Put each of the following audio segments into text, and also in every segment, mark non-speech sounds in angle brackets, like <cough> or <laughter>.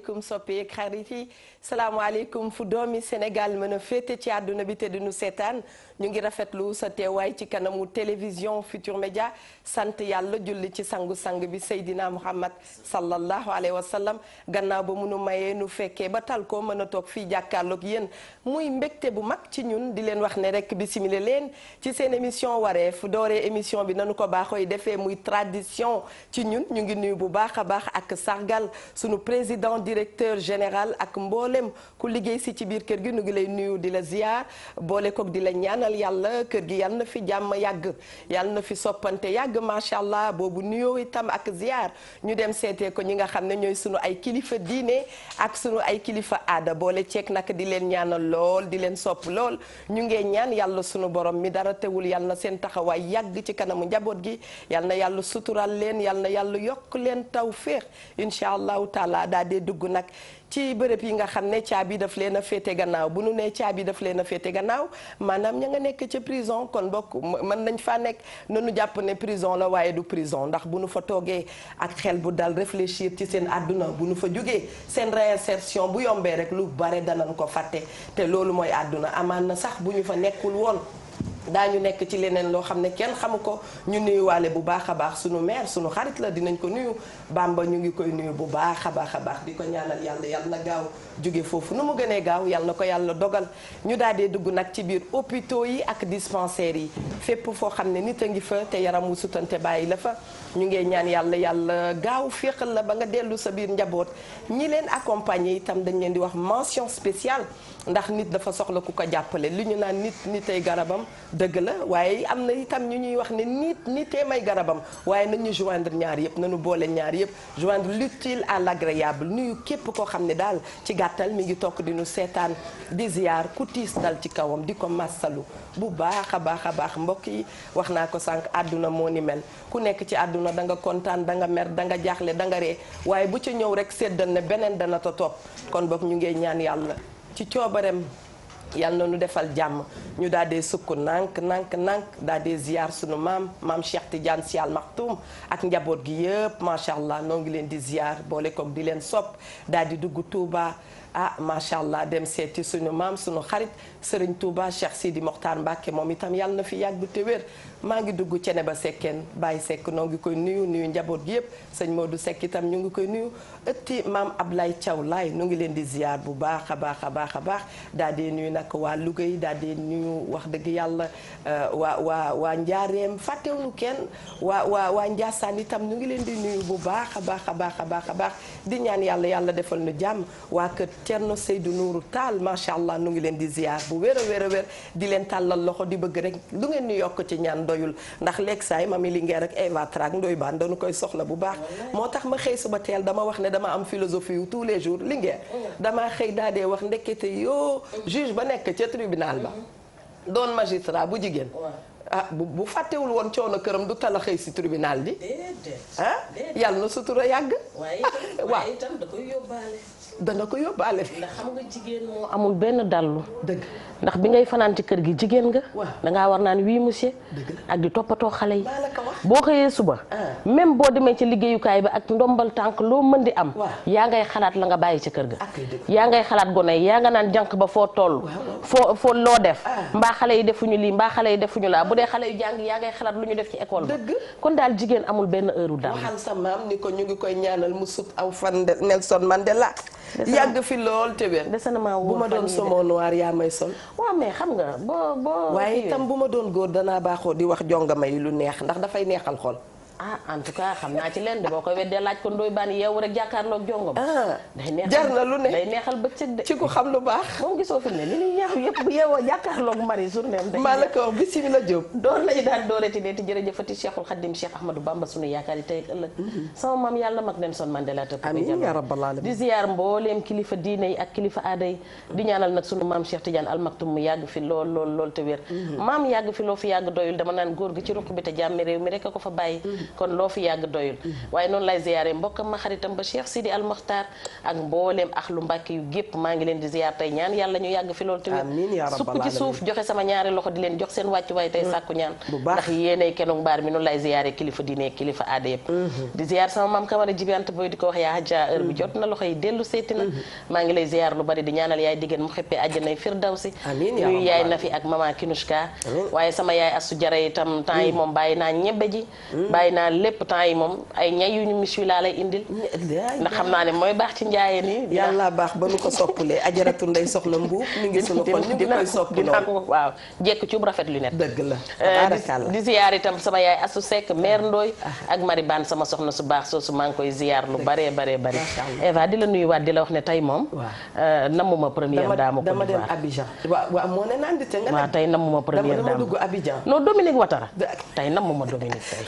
salaamaaleykum soppi ak xarit yi salaamaaleykum fu doomi Sénégal mën a féete ci àdduna bi te duñu seetaan ñu ngi rafetlu sa teewaay ci kanamu télévision Futur Média sant yàlla julli ci sangu-sang bi Seydina Muhammad sallallahu alayhi wa sallam gannaaw ba munu mayee nu fekkee ba tal ko mën a toog fii jàkkaarloog yéen muy mbégte bu mag ci ñun di leen wax ne rek bisimile leen ci seen émission waree fu dooree émission bi nanu ko baaxooy defee muy tradition ci ñun ñu ngi nuyu bu baax a baax ak sargal sunu président directeur général ak mboolem ku liggéey si ci biir kër gi ñu ngi lay nuyu di la ziar boole ñaanal yàlla kër gi yàlla na fi jàmm yàgg yàlla na fi soppante yàgg macha allah boobu nuyoo itam ak ziar ñu dem seete ko ñi nga xam ne ñooy sunu ay kilifa diine ak sunu ay kilifa aada boole ceek nag di leen ñaanal lool di leen sopp lool ñu ngee ñaan yàlla sunu borom mi dara tewul yàlla seen taxawaay yàgg ci kanamu njaboot gi yàlla na yàlla sutural leen yàlla yàlla yokk leen taw féex incha allahu taala daa dee dugg nag ci bërëb yi nga xam ne caabi daf leen féete gannaaw bu nu nee caabi daf leen féete gannaaw maanaam ña nga nekk ca prison kon bokk mën nañ faa nekk nanu jàpp ne prison la waaye du prison ndax bu nu fa toogee ak xel bu dal réfléchir ci seen àdduna bu nu fa jógee seen réinsertion bu yombee rek lu bare danañ ko fàtte te loolu mooy àdduna amaan na sax bu ñu fa nekkul woon daañu nekk ci leneen loo xam ne kenn xamu ko ñu nuyuwaale bu baax a baax suñu maire suñu xarit la dinañ ko nuyu Bamba ñu ngi koy nuyu bu baax a baax a baax di ko ñaanal yàlla yàlla na gaaw jóge foofu nu mu gënee gaaw yàlla na ko yàlla dogal ñu daal dee dugg nag ci biir hôpitaux yi ak dispensaires yi fépp foo xam ne nit a ngi fa te yaram wu sutante bàyyi la fa ñu ngee ñaan yàlla yàlla gaaw féexal la ba nga dellu sa biir njaboot ñi leen accompagner itam dañ leen di wax mention spéciale ndax nit dafa soxla ku ko jàppale li ñu naan nit nitay garabam dëgg la waaye am na itam ñu ñuy wax ne nit nitee may garabam waaye nañu joindre ñaar yëpp nañu boole ñaar yëpp joindre l'utile à l'agréable nuyu képp koo xam ne daal ci gàttal mi ngi toog di nu seetaan di ziar ku tiis dal ci kawam di ko massalu bu baax a baax a baax mbokk yi wax naa ko sànq àdduna moo ni mel ku nekk ci àdduna da nga kontaan da nga mer danga jaaxle da ree waaye bu ca ñëw rek séddal ne beneen dana ta topp kon boog ñu ngi ñaan yàlla ci coobareem yàlla na nu defal jàmm ñu daal dee sukk nànk nank nànk daal dee ziar sunu maam maam Cheikh Tidiane Sy Al Maktoum ak njaboot gi yëpp macha allah noo ngi leen di ziar boole koog di leen sopp daal di dugg Touba ah macha allah dem seeti suñu maam suñu xarit. sëriñ Touba Cheikh Sidi Mokhtar Mbacke moom itam yàlla na fi yàgg te wér maa ngi dugg cene ba sekkeen bàyyi sekk noo ngi koy nuyu nuyu njaboot gi sëñ sëñ du sekk itam ñu ngi koy nuyu ëtti maam ab Ablaye caw Laye nu ngi leen di ziar bu baax a baax a baax a baax daal di nuyu nag waa daal di nuyu wax dëgg yàlla euh, waa waa waa Njaareem fàttewuñu kenn waa waa waa Ndiassane itam ñu ngi leen di nuyu bu baax a baax a baax a baax a baax di ñaan yàlla yàlla defal nu jàmm waa kër Thierno Seydou Nourou Tall macha allah nu ngi leen di ziar bu wér a wér a wér di leen tàllal loxo di bëgg rek lu ngeen ñu yokk ci ñaan doyul ndax léeg saay mami Linguère ak Eva Trac ndoy baan dañu koy soxla bu baax moo tax ma xëy suba teel dama wax ne dama am philosophie yu tous les jours Linguère mm. dama xëy daa dee wax ndekete yoo mm. juge ba nekk ca tribunal ba mm-hmm. doon magistrat bu jigéen ah bu bu fàttewul woon coono këram du tala xëy si tribunal bi ah yàlla na sutura yàgg <laughs> da nga ko yóbbaale. ndax xam nga jigéen moo amul benn dallu. dëgg ndax bi ngay fanaan ci kër gi jigéen nga. da ngaa war naan wii monsieur. ak di toppatoo xale yi. boo xëyee suba. Ah. même boo demee ci liggéeyukaay ba ak ndombal tànk loo mën di am. yaa ngay xalaat la nga bàyyi ci kër ga. Ah, yaa ngay xalaat gone yi yaa nga naan jànq ba foo toll. foo loo def. Ah. mbaa xale yi defuñu lii mbaa yi defuñu laa bu dee xale yu jàng yaa ngay xalaat lu ñu def ci école ba. kon daal jigéen amul benn heure daal. waxal sa maam ni ko ñu ngi koy ñaanal mu sut aw fan Nelson Mandela. yàgg fi lool te wér. bu ma doon somo noir yaa may sol waaw mais xam nga boo boo. waaye itam bu ma doon góor danaa baaxoo di wax jongama yi lu neex ndax dafay neexal xol. ah en tout cas xam naa ci leen di boo koy weddee laaj ko ndoy baan yeewu rek jàkkaarloog jongom ah, day neexal ba na de ci ku xam lu baax moom gisoo fi mu ne li ñuy ñaaw yëpp bu yeewoo jàkkaarloog mari journéem da maa la ko wax bisimila Jóob door lañu daan dooreti deeti jërëjëfati Cheikhul Khadim Cheikh Ahmadou Bamba sunu yaakaar yi tey ak ëllëg mhm. sama maam yàlla mag Nelson Mandela tëpp amiin yaa di ziyaar ak kilifa aada yi di ñaanal nag sunu maam Cheikh Tidiane Al Maktoum mu yàgg fi lool lool lool mhm. maam yàgg fi loo fi yàgg dama naan góor gi ci ruq bi te jàmmi réew mi rek a ko fa bàyyi mhm. kon loo fi yàgg doyul mm-hmm. waaye noonu lay ziyaare mbokkam ma xaritam ba Cheikh Sidi Al Mokhtar ak mbooleem lu Mbàkke yu gépp maa ngi leen di ziyaar tey ñaan yàlla ñu yàgg fi loolu tamit sukk ci suuf joxe sama ñaari loxo di leen jox seen wàccu waay tey mm-hmm. sàkku ñaan ndax yéenay kenug mbaar mi noonu lay ziyaare kilifa diine kilifa aada yëpp mm-hmm. di ziyaar sama maam Kamara Jibiante boy di ko wax jot na loxo yi dellu seeti na maa ngi lay ziyaar lu bari di ñaanal yaay diggéen mu xeppee àjjanay firdawsi ñuy yaay na fi ak maman Kinushka waaye sama yaay asu jara itam temps yi moom bàyyi naa ñebbe ji bàyyi naa lépp temps ay ñay yu ñu miss yu laa lay indil. xam naa ne mooy baax ci njaayeen yi. baax ba nu ko soppulee ajaratu nday soxla mbuub mi ngi sunu kon ñu ngi koy soppuloo waaw jekk ci dëgg la euh, di ziyaar itam sama yaay Asu Seck mère ah. Ndoy ah. ak Mari Baan sama soxna su baax soosu su ngi koy ziyaar lu bare baree bari. Eva di la nuy nuyuwaat di la wax ne tey moom. waaw euh, namuma première dame. dama dem Abidjan waaw moo ne naan di te nga. waaw tey namuma première dame dama dugg Abidjan. Dominique Watara tey namuma Dominique tey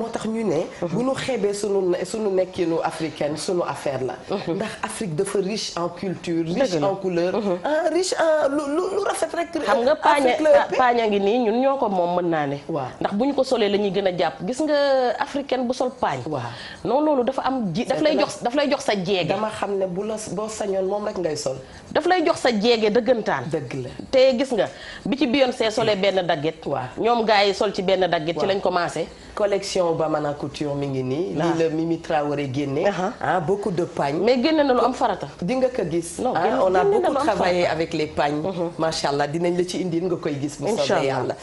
moo tax ñu ne bu ñu xeebee suñu sunu nekkinu africaine suñu affaire la mhm. ndax Afrique dafa riche en culture mhm. ah, riche en couleur riche en lu lu rafet rek xam nga paaña paaña ngi nii ñun ñoo ko moom mën naa ne waaw ndax bu ñu ko solee lañuy gën a jàpp gis nga africaine bu sol paañ waaw non loolu dafa am ji lay jox daf lay jox sa jeege dama xam ne bu la boo sañoon moom rek ngay sol daf lay jox sa jeege dëggantaan dëgg la te gis nga bi ci see solee benn dagget waaw ñoom gaa yi sol ci benn dagget ci lañ commencé collection Bamana Couture mi ngi nii. Ah. lii la Mimi Traoré génne. ah beaucoup de pagnes. mais génne na lu am farata. di nga ko gis. non ah, on a beaucoup travaillé avec les pagnes. Mhm. macha allah dinañ la ci indil nga koy gis. bu soobee yàlla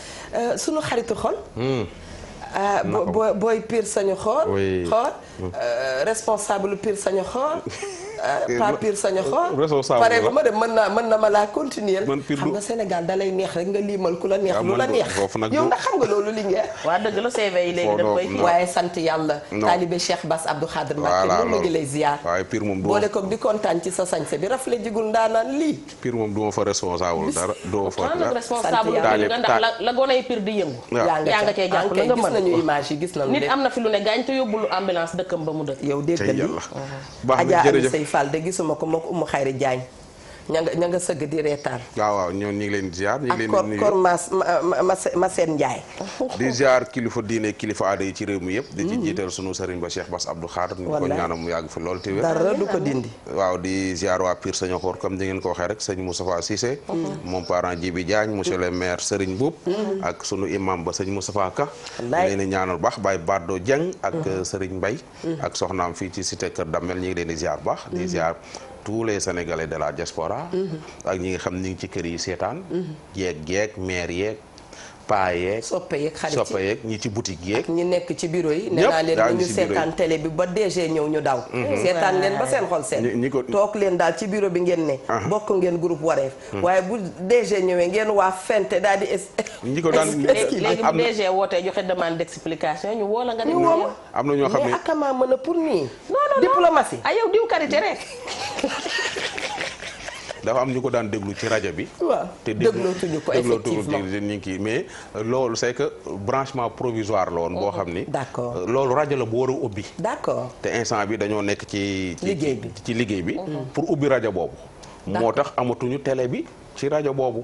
sunu xaritu xol. Hmm. ah booy piir Sañu Xool. xool hmm. euh, responsable Pire Sañu Xool. <laughs> Ah, eh, Pape Pire Sañoxo. réseau Saalum pare bu ma dem mën na ma laa continuer. xam nga Sénégal da neex rek nga liimal ku la neex. Ah, lu la neex yow ndax xam nga loolu li ngeen. <laughs> waaw sa sañse bi rafet jigul ndaanaan lii. Pire moom ndax la gonay Pire di yëngu. yaa nga cee jàpp la nga mën ah, gis nañu image yi gis nañu nit am na fi lu ne gaañ yóbbu lu ambulance dëkkam ba mu dëkk yow dégg nga Fall de gisuma ko moo ko Umu Xayri Jaañ ña nga ña nga sëgg di reetaan. waaw waaw ñoo ñu ngi leen ziar. ñu ngi leen di nuyu ak kor Massène ziar kilifa diine kilifa aada yi ci réew mi yëpp. di ci mhm. jiital sunu sëriñ ba Cheikh Bass Abdou Khadre. ñu ko ñaanal mu yàgg fa lool te wér. dara du ko dindi. waaw di ziar waa Pire Sañokor comme di ngeen ko waxee rek sëñ Moustapha Cissé. Mhm. moom parent Djibi Diagne monsieur le maire Serigne Mboup. Mhm. ak sunu imam ba sëñ Moustapha Ka. wallaay ñu leen di ñaanal baax Baye Bardo Dieng. ak Serigne Mbaye. ak soxnaam fii ci cité Kër Damel ñu ngi leen di ziar baax di ziar tous les sénégalais de la diaspora mm-hmm. ak ñi nga xam ni ci kër yi seetaan mm-hmm. jeeg geeg maire yeeg paa yeeg soppe yeeg xarit soppe yeeg ñi ci boutique yeeg ñi nekk ci bureau yi nee naa leen ñu seetaan télé bi ba DG ñëw ñu daw mm-hmm. seetaan leen ba seen xol seen toog leen daal ci bureau bi ngeen ne uh-huh. bokk ngeen groupe wareef mm. waaye bu DG ñëwee ngeen waa fente daal di <laughs> ñi ko daan <laughs> léegi bu DG wootee joxe demande d'explication ñu woo la nga dem ñu woo am na ñoo xam mën a pour nii diplomatie a ah, yow diw karité <laughs> <laughs> dafa am ñu ko daan déglu ci rajo bi. waaw te déglootuñu ko effectivement te ñu ngi kii mais loolu c'est que branchement provisoire la woon. boo oh, xam ni d'accord euh, loolu rajo la bu war ubbi. d'accord te instant bi dañoo nekk ci. liggéey bi ci liggéey bi. Mm-hmm. pour ubbi rajo boobu. moo tax amatuñu tele bi. ci rajo boobu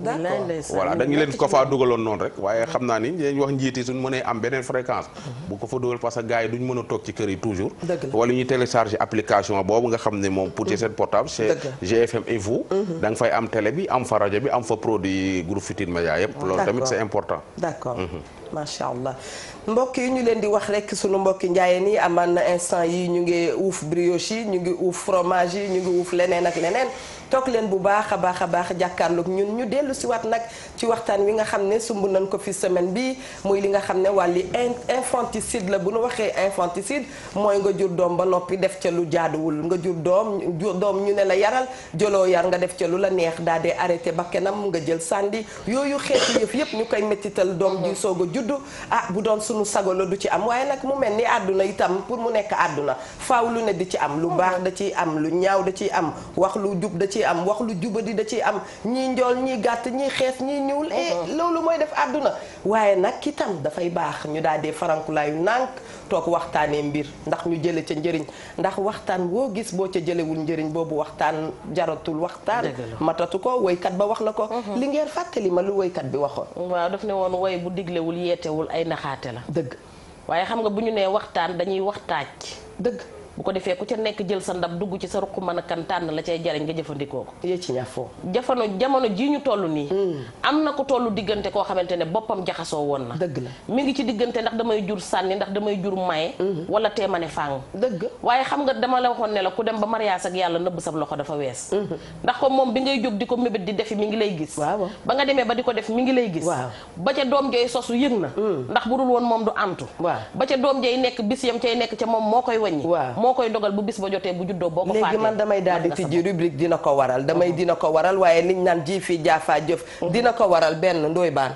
voilà dañu leen ko faa dugaloon noonu rek waaye xam naa ni dañ wax njiiti suñ mënee am beneen fréquence mhm. bu ko fa dugal parce que gars yi duñ mën a toog ci kër yi toujours wala ñu télécharger application boobu nga xam ne moom pour ci mhm. seen portable c'est GFM Info mhm. da fay am télé bi am fa rajo bi am fa produit groupe Futurs Médias yëpp loolu tamit c'est important d'accord macha allah mbokk yi ñu leen di wax rek sunu mbokki njaayeen yi amaan na instant yi ñu ngi uuf brioche yi ñu ngi uuf fromage ngi uuf leneen ak leneen toog leen bu baax a baax a baax jàkkaarloog ñun ñu dellu si waat nag ci waxtaan wi nga xam ne sumb nañ ko fi semaine bi muy li nga xam ne wàlli infanticide la bu nu waxee infanticide mooy nga jur doom ba noppi def ca lu jaaduwul nga jur doom doom ñu ne la yaral jëloo yar nga def ca lu la neex daa dee arrêté bakkenam nga jël sàndi yooyu xeeti yëf yëpp ñu koy méttital doom ji soog a juddu ah bu doon sunu sago la du ci am waaye nag mu mel ni àdduna itam pour mu nekk àdduna faaw lu di ci am lu baax da ciy am lu ñaaw ciy am wax lu di da ciy am ñii njool ñii gàtt ñii xees ñii ñuul eh, mhm. loolu mooy def àdduna waaye nag itam dafay baax ñu daal di farankulaayu nànk toog waxtaanee mbir ndax ñu jële ca njëriñ ndax waxtaan boo gis boo ca jëlewul njëriñ boobu waxtaan jaratul waxtaan matatu ko woykat ba wax la ko mhm. li ngeen fàttali ma lu woykat bi waxoon waaw def ne woon woy bu diglewul yeetewul ay naxaate la dëgg waaye xam nga bu ñu nee waxtaan dañuy waxtaaj dëgg bu ko defee ku ca nekk jël sa ndab dugg ci sa ruq mën a kan tànn la cay jariñ nga jëfandikoo ko jamono jamono jii ñu toll nii hmm. am na ko tollu diggante koo xamante ne boppam jaxasoo woon na dëgg la mi ngi ci diggante ndax damay jur sànni ndax damay jur maye hmm. wala teema ne fàng dëgg waaye xam dama la waxoon ne la ku dem ba mariage ak yàlla nëbb sab loxo dafa wees hmm. ndax ko moom bi ngay jóg di ko mébét di defi mi ngi lay gis waaw ba nga demee ba di ko def mu ngi lay gis ba ca doom jay sosu yëg na ndax bu dul woon moom du antu ba ca doom jay nekk bis yam cay nekk ca moom moo koy waññi moo koy dogal bu bis ba jotee bu juddoo boo ko léegi man damay daal di tijji rubrique dina ko waral damay mhm. dina ko waral waaye liñ naan ji fii jaafaa mhm. dina ko waral benn ndooy baan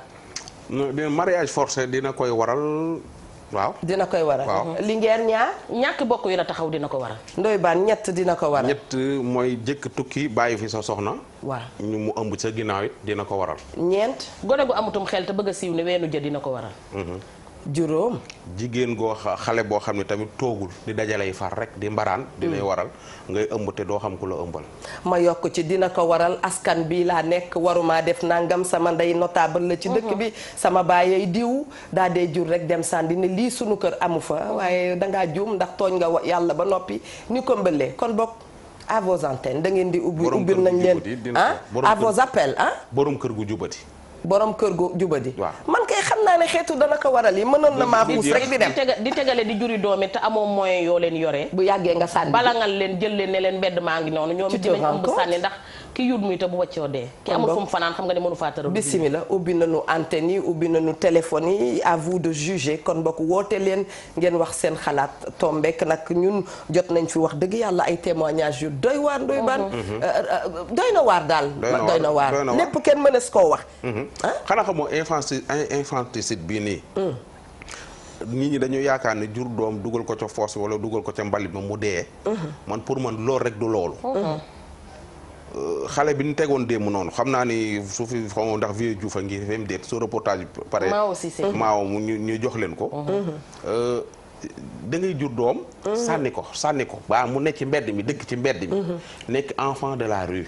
mariage forcé dina koy waral waaw dina koy waral waaw mhm. li ngeen ñaar ñàkk bokk yu la taxaw dina ko waral ndoy baan ñett dina ko waral ñett mooy jëkk tukki bàyyi fi sa soxna waaw ñu mu ëmb sa ginnaaw it dina ko waral ñeent gone gu amatum xel te bëgg a siiw ne weenu jë dina ko waral juróom jigéen goo xale boo xam ne tamit toogul di dajalay far rek di mbaraan di mm. waral ngay ëmb te doo xam ku la ëmbal ma yokk ci dina ko waral askan bi laa nekk waruma def nangam sama ndey notable la ci dëkk mm-hmm. bi sama baay baayay diw daa dee jur rek dem sàndi ne lii sunu kër amu fa mm-hmm. waaye dangaa juum ndax tooñ nga yàlla ba noppi ni ko mbëlee kon bokk à vos antennes da ngeen di ubbi ubbil nañ leen ah à vos appels ah borom kër gu jubati borom kër gu jubadi man kay xam naa ne xeetu dana ko waral yi mënoon na maa xuus rek di dem di tegale di juri doomi te amoo moyen yoo leen yoree bu yàggee nga sànni balangal leen jël leen ne leen mbedd maa ngi noonu ñoom dinañ ëmb sànni ndax ki yul muy te bu wàccoo dee. ki amul fu mu fanaan xam nga ne mënu faa tëral. bisimilah ubbi nañu antenne yi ubbi nañu téléphone yi à de juger kon bokk woote leen ngeen wax seen xalaat tombek nag ñun jot nañ fi wax dëgg yàlla ay témoignages yu doy waar doy baan mhm. mhm. euh, euh, doy na waar daal. doy na waar lépp kenn mënees koo wax. Mhm. Ah? xanaa xamoo infanti infanticide bii nii. Hmm. nit ñi dañu yaakaar ne jur doom dugal ko ca foos wala dugal ko ca mbalit ma mu dee. Hmm. man pour xale bi ñu tegoon démb noonu xam naa ni su fi xaw ndax vieux Diouf a ngi fi déet su reportage pare maaw mm-hmm. mu ñu ñu jox leen ko mm-hmm. mm-hmm. da ngay jur doom sànni ko sànni ko baa mu nekk ci mbedd mi dëkk ci mbedd mi nekk enfant de la rue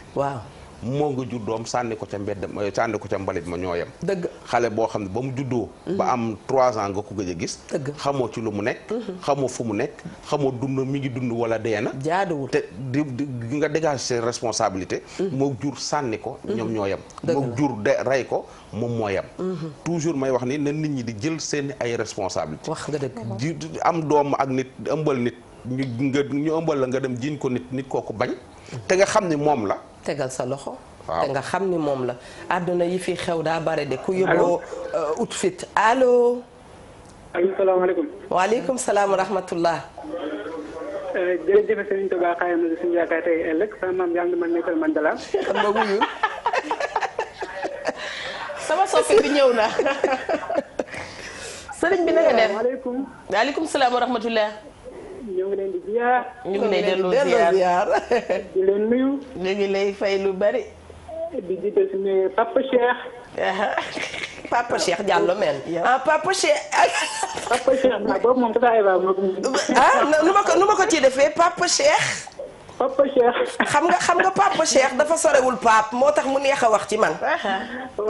moo nga jur doom sànni ko ca mbedd sànni ko ca mbalit ma ñoo yem dëgg xale boo xam ne ba mu juddoo ba am mhm. trois ans nga ko gëj a gis xamoo ci lu mu nekk mhm. xamoo fu mu nekk xamoo dund mi ngi dund wala dee na jaaduwul te di nga dégage ses responsabilités mhm. moo jur sànni ko ñoom ñoo yem moo jur de rey ko moom moo yem toujours may wax ni na nit ñi di jël seen ay responsabilités wax nga dëgg am doom ak nit ëmbal nit ñu nga ëmbal la nga dem jiiñ ko nit nit koo kooku bañ te nga xam ne moom la tegal sa loxo. te nga xam ni moom la. àdduna yi fi xew daa bare de ku yóbboo euh, ut fit allo. allo salaamaaleykum. waaleykum salaam wa rahmatullah. Euh, jërëjëf Serigne Touba xaayam na suñu yaakaar tey ëllëg sama maam yaa ngi man nekkal man dala. xam nga wuyu. sama soppi bi ñëw na. sëriñ <laughs> bi na nga def waaleykum. waaleykum salaam wa rahmatullah. ñu ngi <laughs> ñu ngi lay delloo ziar ngi lay fay lu bari. di jiite suñu <laughs> ah, papa Cheikh. papa Cheikh papa Cheikh. ah nu ma ko nu ma ko ci defee papa Cheikh. papa Cheikh. xam nga xam nga papa Cheikh dafa sorewul pap moo tax mu neex a wax ci man. wax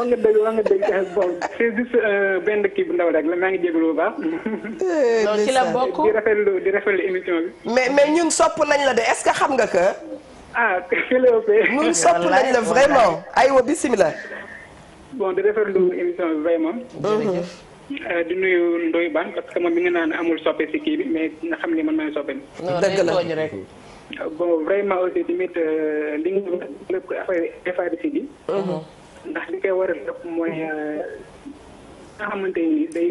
nga dëgg wax euh, benn kii bu ndaw rek la maa ngi jégalu bu baax. loolu eh, ci la bokk di rafetlu di rafetlu émission bi. mais mais ñun sopp nañ la ce que xam nga que. ah ñun sopp nañ la vraiment aywa bisimilah. bon di rafetlu émission bi vraiment. Euh, di nuyu Ndoye Bane parce que moom bi nga naan amul soppe si kii bi mais nga xam ni man maay soppe. dëgg la bon vraiment aussi tamit euh, li nga lépp affaire FADC mhm. bi. ndax li koy waral lépp mooy euh, nga xamante ni day.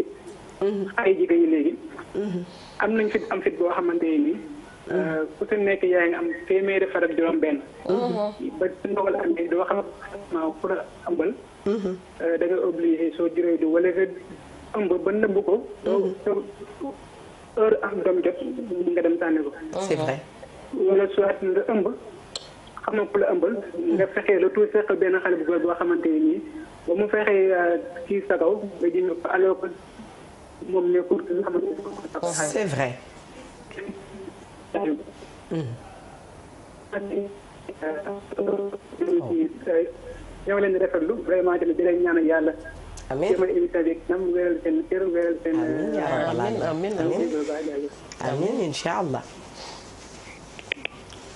xale mhm. jigéen ñi léegi. Mhm. am nañ fit am fit boo xamante ni. Euh, ku si nekk yaa ngi am téeméeri far ak juróom-benn. ba su ndogal amee doo xam ma pour ambal. da nga obligé soo juree du wala nga ëmb ba nëbb ko. heure am doom jot nga dem sànni ko. c'est vrai. ñu ne soit nga ëmb xam nga ku la ëmbal nga la tout seqal benn xale bu góor boo xamante ne nii ba mu fexee euh, kii sa kaw nga jënd ko alors que c'est vrai. Mmh. ñoo leen di lu vraiment tamit di leen ñaanal yàlla. amiin jéem a émission bi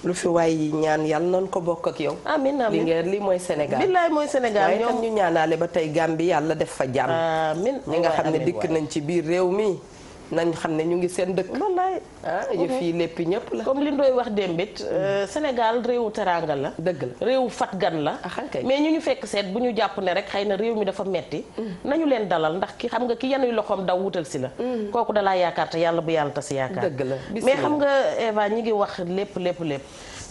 lu fi waay yi ñaan yàlla noonu ko bokk ak yow. amiin amiin li ngeen lii mooy Sénégal. billaay mooy Sénégal ñoom ñu ñaanaale ba tey bi yàlla def fa jàmm. amiin nga xam ne dikk nañ ci biir réew mi. nañ xam ne ñu ngi seen dëkk. wallaay ah yëf yi lépp ñëpp la. comme li doy wax démbit mm. euh, Sénégal réewu teranga la. dëgg la réewu fat gan la. Ah, mais ñu ñu fekk seet bu ñu jàpp ne rek xëy na réew mi dafa metti mm. nañu leen dalal ndax ki xam nga ki yanuy loxoom daw wutal si la. Mm. kooku dalaa yaakaar te yàlla bu yàlla tas yaakaar. dëgg la mais xam nga Eva ñi ngi wax lépp lépp lépp.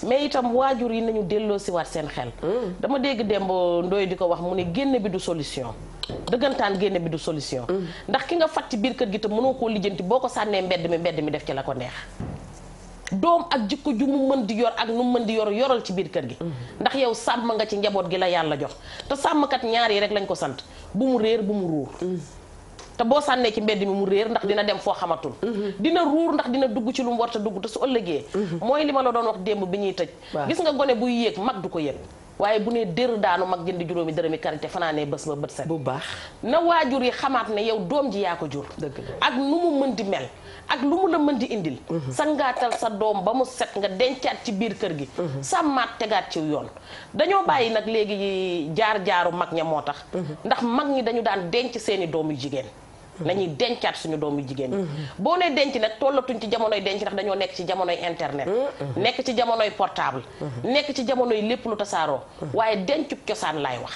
mais itam waajur yi nañu delloo siwaat seen xel hmm. dama dégg Demba Ndoye di ko wax mu ne génn bi du solution dëggantaan génne bi du solution hmm. ndax ki nga ci biir kër gi te mënoo koo lijjanti boo ko sànnee mbedd mi mbedd mi def ci la ko neex doom ak jikko ju mu mën di yor ak nu mu mën di yor yoral ci biir kër gi hmm. ndax yow sàmm nga ci njaboot gi la yàlla jox te sàmmkat ñaar yi rek lañ ko sant bu mu réer bu mu ruur te boo sànnee ci mbedd mi mu réer ndax dina dem foo xamatul mhm. dina ruur ndax dina dugg ci lu mu war dugg te su ëllëgee mhm. mooy li la doon wax démb bi ñuy tëj gis nga gone buy yéeg mag du ko yëg waaye bu ne dër daanu mag jënd juróomi dërëmi karité fanaanee bés ba bët set bu baax na waajur yi xamaat ne yow doom ji yaa ko jur ak mu mën di mel ak lu mu mën di indil mhm. sangaatal sa doom ba mu set nga dencaat ci biir kër gi sàmmaat tegaat ci yoon dañoo bàyyi nag léegi jaar jaaru mag ña moo tax ndax mag ñi dañu daan denc seeni doom yu jigéen nañuy dencaat suñu doom yu jigéen ñi boo nee denc nag tollatuñ ci jamonoy denc ndax dañoo nekk ci jamonoy internet nekk ci jamonoy portable nekk ci jamonoy lépp lu tasaaroo waaye dencub cosaan laay wax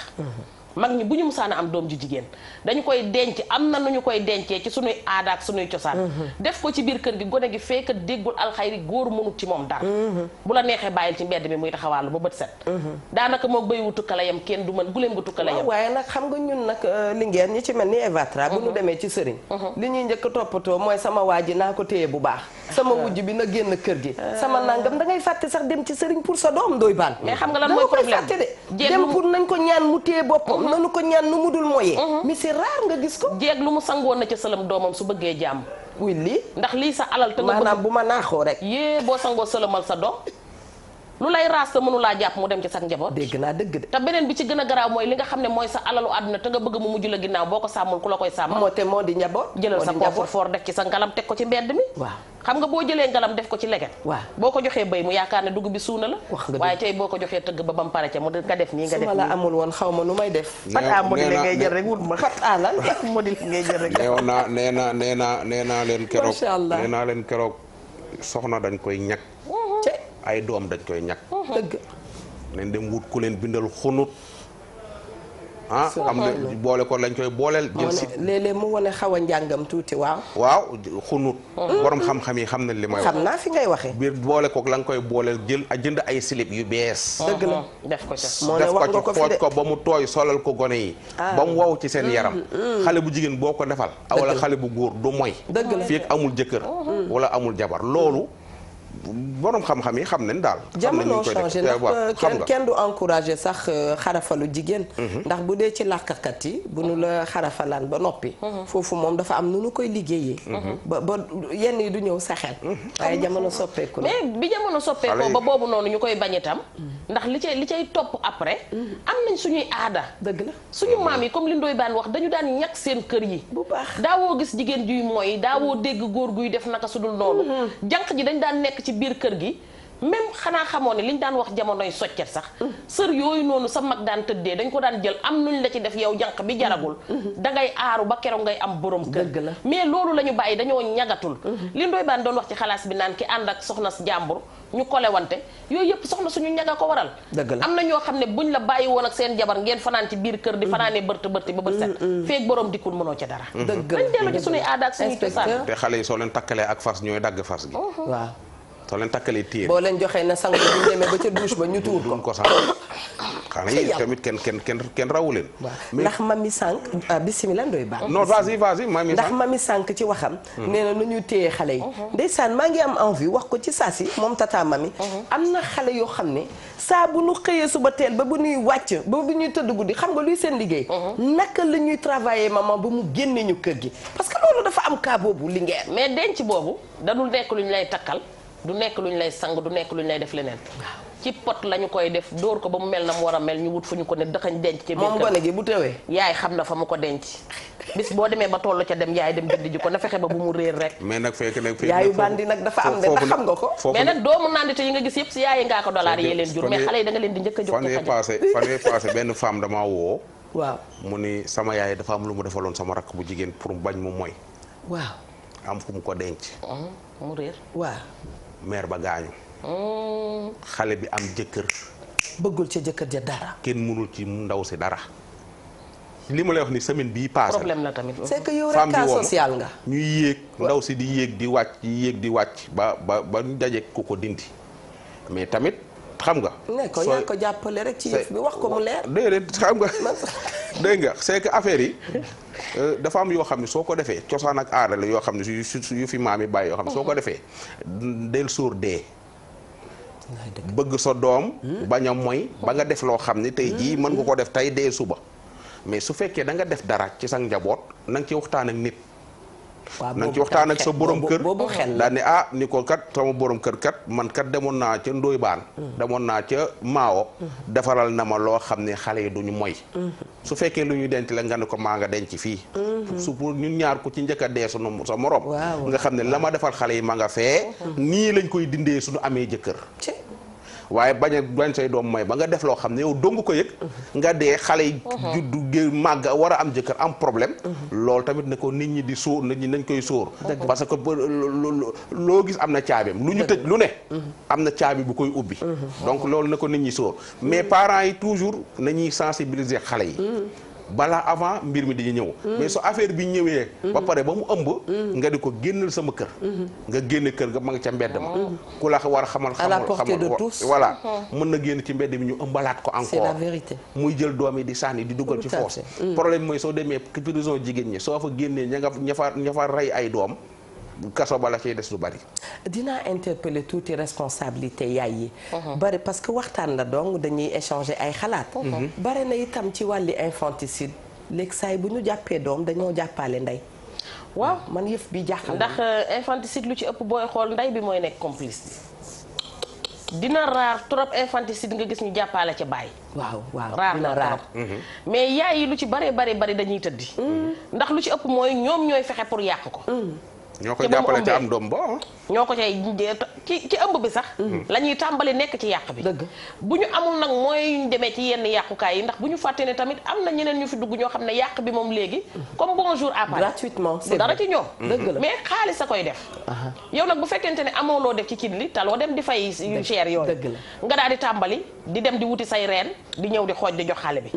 mag ñi bu ñu musaana am doom ju jigéen dañu koy denc am na nu ñu koy dencee ci suñuy aada ak sunuy cosaan mm-hmm. def ko ci biir kër gi gone gi fekk déggul alxayri góor mënut ci moom dara mm-hmm. bu la neexee bàyyil ci mbedd mi muy taxawaalu ba bët set mm-hmm. daanaka moo béy wu tukkala yam kenn du mën guleem gu tukkala yam waaye nag xam nga ñun nag euh, li ñi ci mel ni Evatra bu demee ci sëriñ li ñuy njëkk toppatoo mooy sama waa ji naa ko téye bu baax sama wujj ah. bi na génn kër gi ah. sama nangam da ngay fàtte sax dem ci sëriñ pour sa doom doy baan mais xam nga lan mooy problème dem pour nañ ko ñaan mu téye boppam nañu ko ñaan nu mu dul moyee rare nga gis ko. jeeg lu mu sangoon na ca sëlëm doomam su bëggee jàmm. wuy lii ndax lii sa alal. te nga bëgg bu ma naaxoo rek. yee boo sangoo sëlëmal sa doom. <laughs> lu lay raas sa mënu laa jàpp mu dem ci sax njaboot dégg naa dëgg de te beneen bi ci gën a garaaw mooy li nga xam ne mooy sa alalu àdduna te nga bëgg mu mujj la ginnaaw boo ko sàmmul ku la koy sàmm moo te moo di njaboot jëlal sa koffar foor def ci sa ngalam teg ko ci mbedd mi waaw xam nga boo jëlee ngalam def ko ci leget waa boo ko joxee béy mu yaakaar ne dugub bi suuna la waaye tey boo ko joxee tëgg ba bam pare ca mu nga def nii nga def su ma la may def fataa modile ngay jël rek wut ma fataa la <laughs> modile ngay jël nee naa nee naa nee leen keroog nee naa leen keroog ay doom dañ koy ñàkk. dëgg nañ dem wut ku leen bindal xunut. ah am boole ko lañ koy booleel. jël mu wane xaw a njàngam tuuti waaw. waaw xunut. Mm-hmm. borom xam yi xam nañ li may fi ngay waxee. biir boole kook la nga koy booleel jël a jënd ay silib yu bees. dëgg la mm-hmm. def ko ca moo ne ko fi ko ci ko ba mu tooy solal ko gone yi. Ah. ba mu wow ci seen yaram. Mm-hmm. xale bu jigéen boo ko defal. wala xale bu góor du moy. dëgg la amul jëkkër. wala amul jabar loolu. borom xam-xam yi xam nañ daal. xam nañ ñu koy ndax euh, kenn du encouragé sax euh, xarafalu jigéen. Mhm. ndax bu dee ci làkkakat yi bu nu la xarafalaan ba noppi. Mhm. foofu moom dafa am nu nu koy liggéeyee. Mhm. ba ba yenn yi du ñëw sa waaye jamono soppeeku la mais bi jamono soppeekoo ba boobu noonu ñu koy bañ itam. ndax li cay li cay topp après. nañ suñuy aada. dëgg la suñu maam yi comme li Ndoye Bane wax dañu daan ñàkk seen kër yi. bu baax daawoo gis jigéen juy mooy daawoo dégg góor guy def naka su dul noonu. jànq ji dañ daan nekk ci biir kër gi même xanaa xamoo ne li ñu daan wax jamonoy soccet sax mm. sër yooyu noonu sa mag daan tëddee dañ ko daan jël am nuñ la ci def yow jànq bi mm. jaragul mm-hmm. da ngay aaru ba keroog ngay am borom kër mais loolu la ñu bàyyi dañoo ñagatul mm-hmm. li ndoy baan doon wax ci xalaas bi naan ki ànd ak soxna jàmbur ñu kolewante yooyu yëpp soxna suñu ñaga ko waral am na ñoo xam ne buñ la bàyyi woon ak seen jabar ngeen fanaan ci biir kër di mm-hmm. fanaanee bërti bërti ba bët set feeg borom dikkul mënoo ca dara dañ dellu ci suñuy aada ak suñuy cosaan te xale yi soo leen takkalee ak fas ñooy dagg fas gi soo leen takkalee téye boo leen joxee na sang ñu demee ba ñu tuur ko duñ ko sax xanaa yéen tamit kenn kenn kenn kenn rawu leen ndax mami sànq ah, bisimilah ndoy baax non vas-y vas-y mami ndax mami sànq ci waxam nee na nu ñu téye xale yi uh-huh. ndeysaan maa ngi am envie wax ko ci saa si moom tata mami uh-huh. am na xale yoo xam ne saa bu nu xëyee suba teel ba bu ñuy wàcc ba bu ñuy tëdd guddi xam nga luy seen liggéey uh-huh. naka la ñuy travailler maman ba mu génne ñu kër gi parce que loolu dafa am cas boobu li mais denc boobu danul nekk lu ñu lay takkal du nekk lu ñu lay sang du nekk lu ñu lay def leneen. ci pot lañu koy def dóor ko ba mu mel na mu war a mel ñu wut fu ñu ko ne dëxañ denc. ci biir moom gone bu tewee. yaay xam na fa mu ko denc. bis boo demee ba tollu ca dem yaay dem bind ji ko na fexe ba bu mu réer rek. mais nag fekk nag fekk ko. mais nag doomu nandite yi nga gis yëpp si sama yaay dafa am lu mu defaloon sama rakk bu jigéen pour bañ mu mooy. waaw am fu mu ko denc. mu réer waaw maire ba gaañu. Hmm. xale bi am jëkkër. bëggul ca jëkkër ja dara. kenn mënul ci ndaw si dara. li ma lay wax ni semaine bii passé problème la tamit. c'est que yow rek social nga. ñuy yéeg ndaw si di yéeg di wàcc di yéeg di wàcc ba ba ba ñu daje ku ko dindi mais tamit xam nga. ne ko yaa ko jàppale rek ci yëf bi wax ko mu leer. déedéet xam nga <laughs> dégg nga c'est que affaire yi. Euh, dafa am yoo xam ne soo ko defee cosaan ak aada yoo xam ne yu fi maam yi bàyyi yoo xam ne soo ko mhm. defee del sóor dee bëgg sa doom hmm? bañ a moy ba nga def loo xam ne tey jii mën nga hmm? ko def tey dee suba mais su fekkee da nga def dara ci sa njaboot na nga ci waxtaan ak nit na nga ci waxtaan ak sa borom kër daal ne ah ni ko kat sama borom kër kat man kat demoon naa ca Ndoye Baan mm-hmm. demoon naa ca Maawo mm-hmm. defaral na ma loo xam ne xale yi duñu moy mm-hmm. su fekkee lu ñu denc la nga ne ko maa nga denc fii su pour ñun ñaar ku ci njëkka a dee sunu sa morom nga xam ne la ma defal xale yi ma nga fee nii lañ koy dindee suñu amee jëkkër waaye bañ a bañ say doom may ba nga def loo xam ne yow dong ko yëg nga dee xale yi uh-huh. juddu gé màgg war a am jëkkër am problème uh-huh. loolu tamit ne ko nit ñi di sóor nit ñi nañ koy sóor parce que loo gis am na caabeem lu ñu tëj lu ne uh-huh. am na caabi bu koy ubbi donc loolu na ko nit ñi sóor mais parent yi toujours ñuy sensibiliser xale yi balaa avant mbir mi di ñëw. mais su affaire bi ñëwee. ba pare ba mu ëmb. nga di ko génnal sama kër. nga génn kër nga ma ngi ca mbedd ma. Oh. ku la war a xamal xamal xamal voilà oh. mën na génn ci mbedd mi ñu ëmbalaat ko encore. c'est muy jël doom yi di sànni di dugal ci force. Mm. problème mooy soo demee prison jigéen ñi soo fa génnee ña nga ña fa ña fa rey ay doom. kaso ba la des lu bari. dina interpeller tuuti responsabilité yaay yi. Uh-huh. bari parce que waxtaan la dong dañuy échanger ay xalaat. Uh-huh. Uh-huh. bari na itam ci wàlli infanticide léegi saay bu ñu jàppee doom dañoo jàppale ndey. waaw man yëf bi jaaxal ndax euh, infanticide lu ci ëpp booy xool ndey bi mooy nekk complice dina raar trop infanticide nga gis ñu jàppale ca bàyyi. waaw waaw raar mais yaay yi lu ci bare bare bari dañuy tëddi. Mm-hmm. ndax lu ci ëpp mooy ñoom ñooy fexe pour yàq ko. Mm-hmm. ñoo koy jàppale te am doom ba ah. ñoo ko cay ci ci ëmb bi sax. Mm-hmm. la ñuy tàmbali nekk ci yàq bi. dëgg bu ñu amul nag mooy ñu demee ci yenn yàqukaay yi ndax bu ñu fàtte ne tamit am na ñeneen ñu fi dugg ñoo xam ne yàq bi moom léegi. Mm-hmm. comme bonjour à part gratuitement c'est dara ci ñoom. Mm-hmm. dëgg la mais xaalis a koy def. yow nag bu fekkente ne amoo def ci cin li taloo dem di fay yu cher yooyu. dëgg la nga daal di tàmbali di dem di wuti say reen di ñëw di xooj di jox xale bi.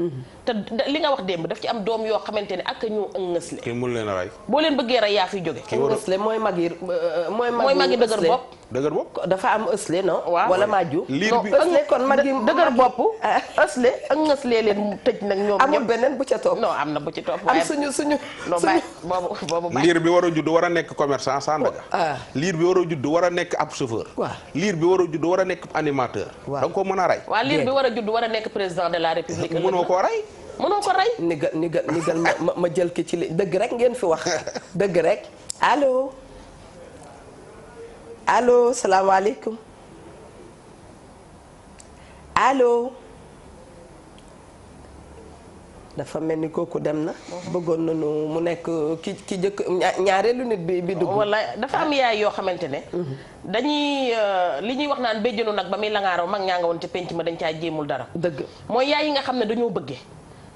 te li nga wax démb daf ci am doom yoo xamante ne ak ñu ëngës le. kenn mënu leen boo leen bëggee rey yaa fi jóge. ëngës le mooy mag yi euh, magi dëgër bopp dëgër bopp dafa am ësle non wala ma liir bi ësle kon magi dëgër bopp <laughs> ësle ak ngësle leen tëj nag ñoom amul beneen bu ca topp non am na bu ci topp am suñu suñu non bàyyi boobu boobu bàyyi liir bi war a judd war a nekk commerçant Sandaga ah. liir bi war a judd war a nekk ab chauffeur liir bi war a judd war a nekk animateur da nga ko mën a rey waaw liir bi war a judd war a nekk président de la république <laughs> mënoo ko rey mënoo ko rey nigal nigal nigal ma ma jël ki ci li dëgg rek ngeen fi wax <laughs> dëgg rek allo allo salaamaaleykum allo dafa mel ni kooku dem na. bëggoon nanu mu nekk ki ki jëkk ñaareelu nit bi bi dugg. wala dafa am yaay yoo xamante ne. dañuy euh, li ñuy wax naan béjjënu nag ba muy langaaroo mag ñaa nga woon ca penc ma dañ caa jéemul dara. dëgg mooy yaay yi nga xam ne dañoo bëggee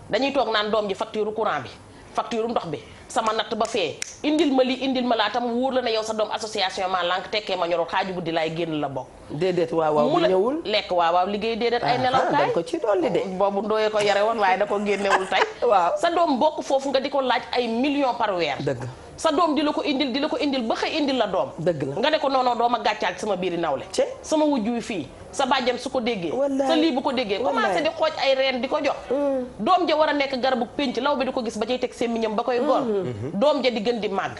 dañuy toog naan doom ji facture courant bi facture ndox bi. sama natt ba fee indil ma lii indil ma laa tam wóor la ne yow sa doom association ma lànk tekkee ma ñorul xaaju guddi laay génn la bokk. déedéet waaw waaw bu ñëwul lekk waaw waaw liggéey déedéet ay ah, nelaw ah, ko ci dolli de boobu ndooyee ko yare woon waaye da ko génnewul tey <laughs> sa doom bokk foofu nga di ko laaj ay millions par weer dëgg sa doom di la ko indil di ko indil ba xëy indil la doom dëgg la nga ne ko noonoo doom a gàccaal ci sama biiri nawle sama wujju fii sa bàjjam su ko déggee sa lii bu ko déggee commencé di xooj ay reen di ko jox mm. doom ja war a nekk garabu pénc law bi di ko gis ba cay teg sémmiñam ba koy gor mm. Mm-hmm. doom ja di gën di màgg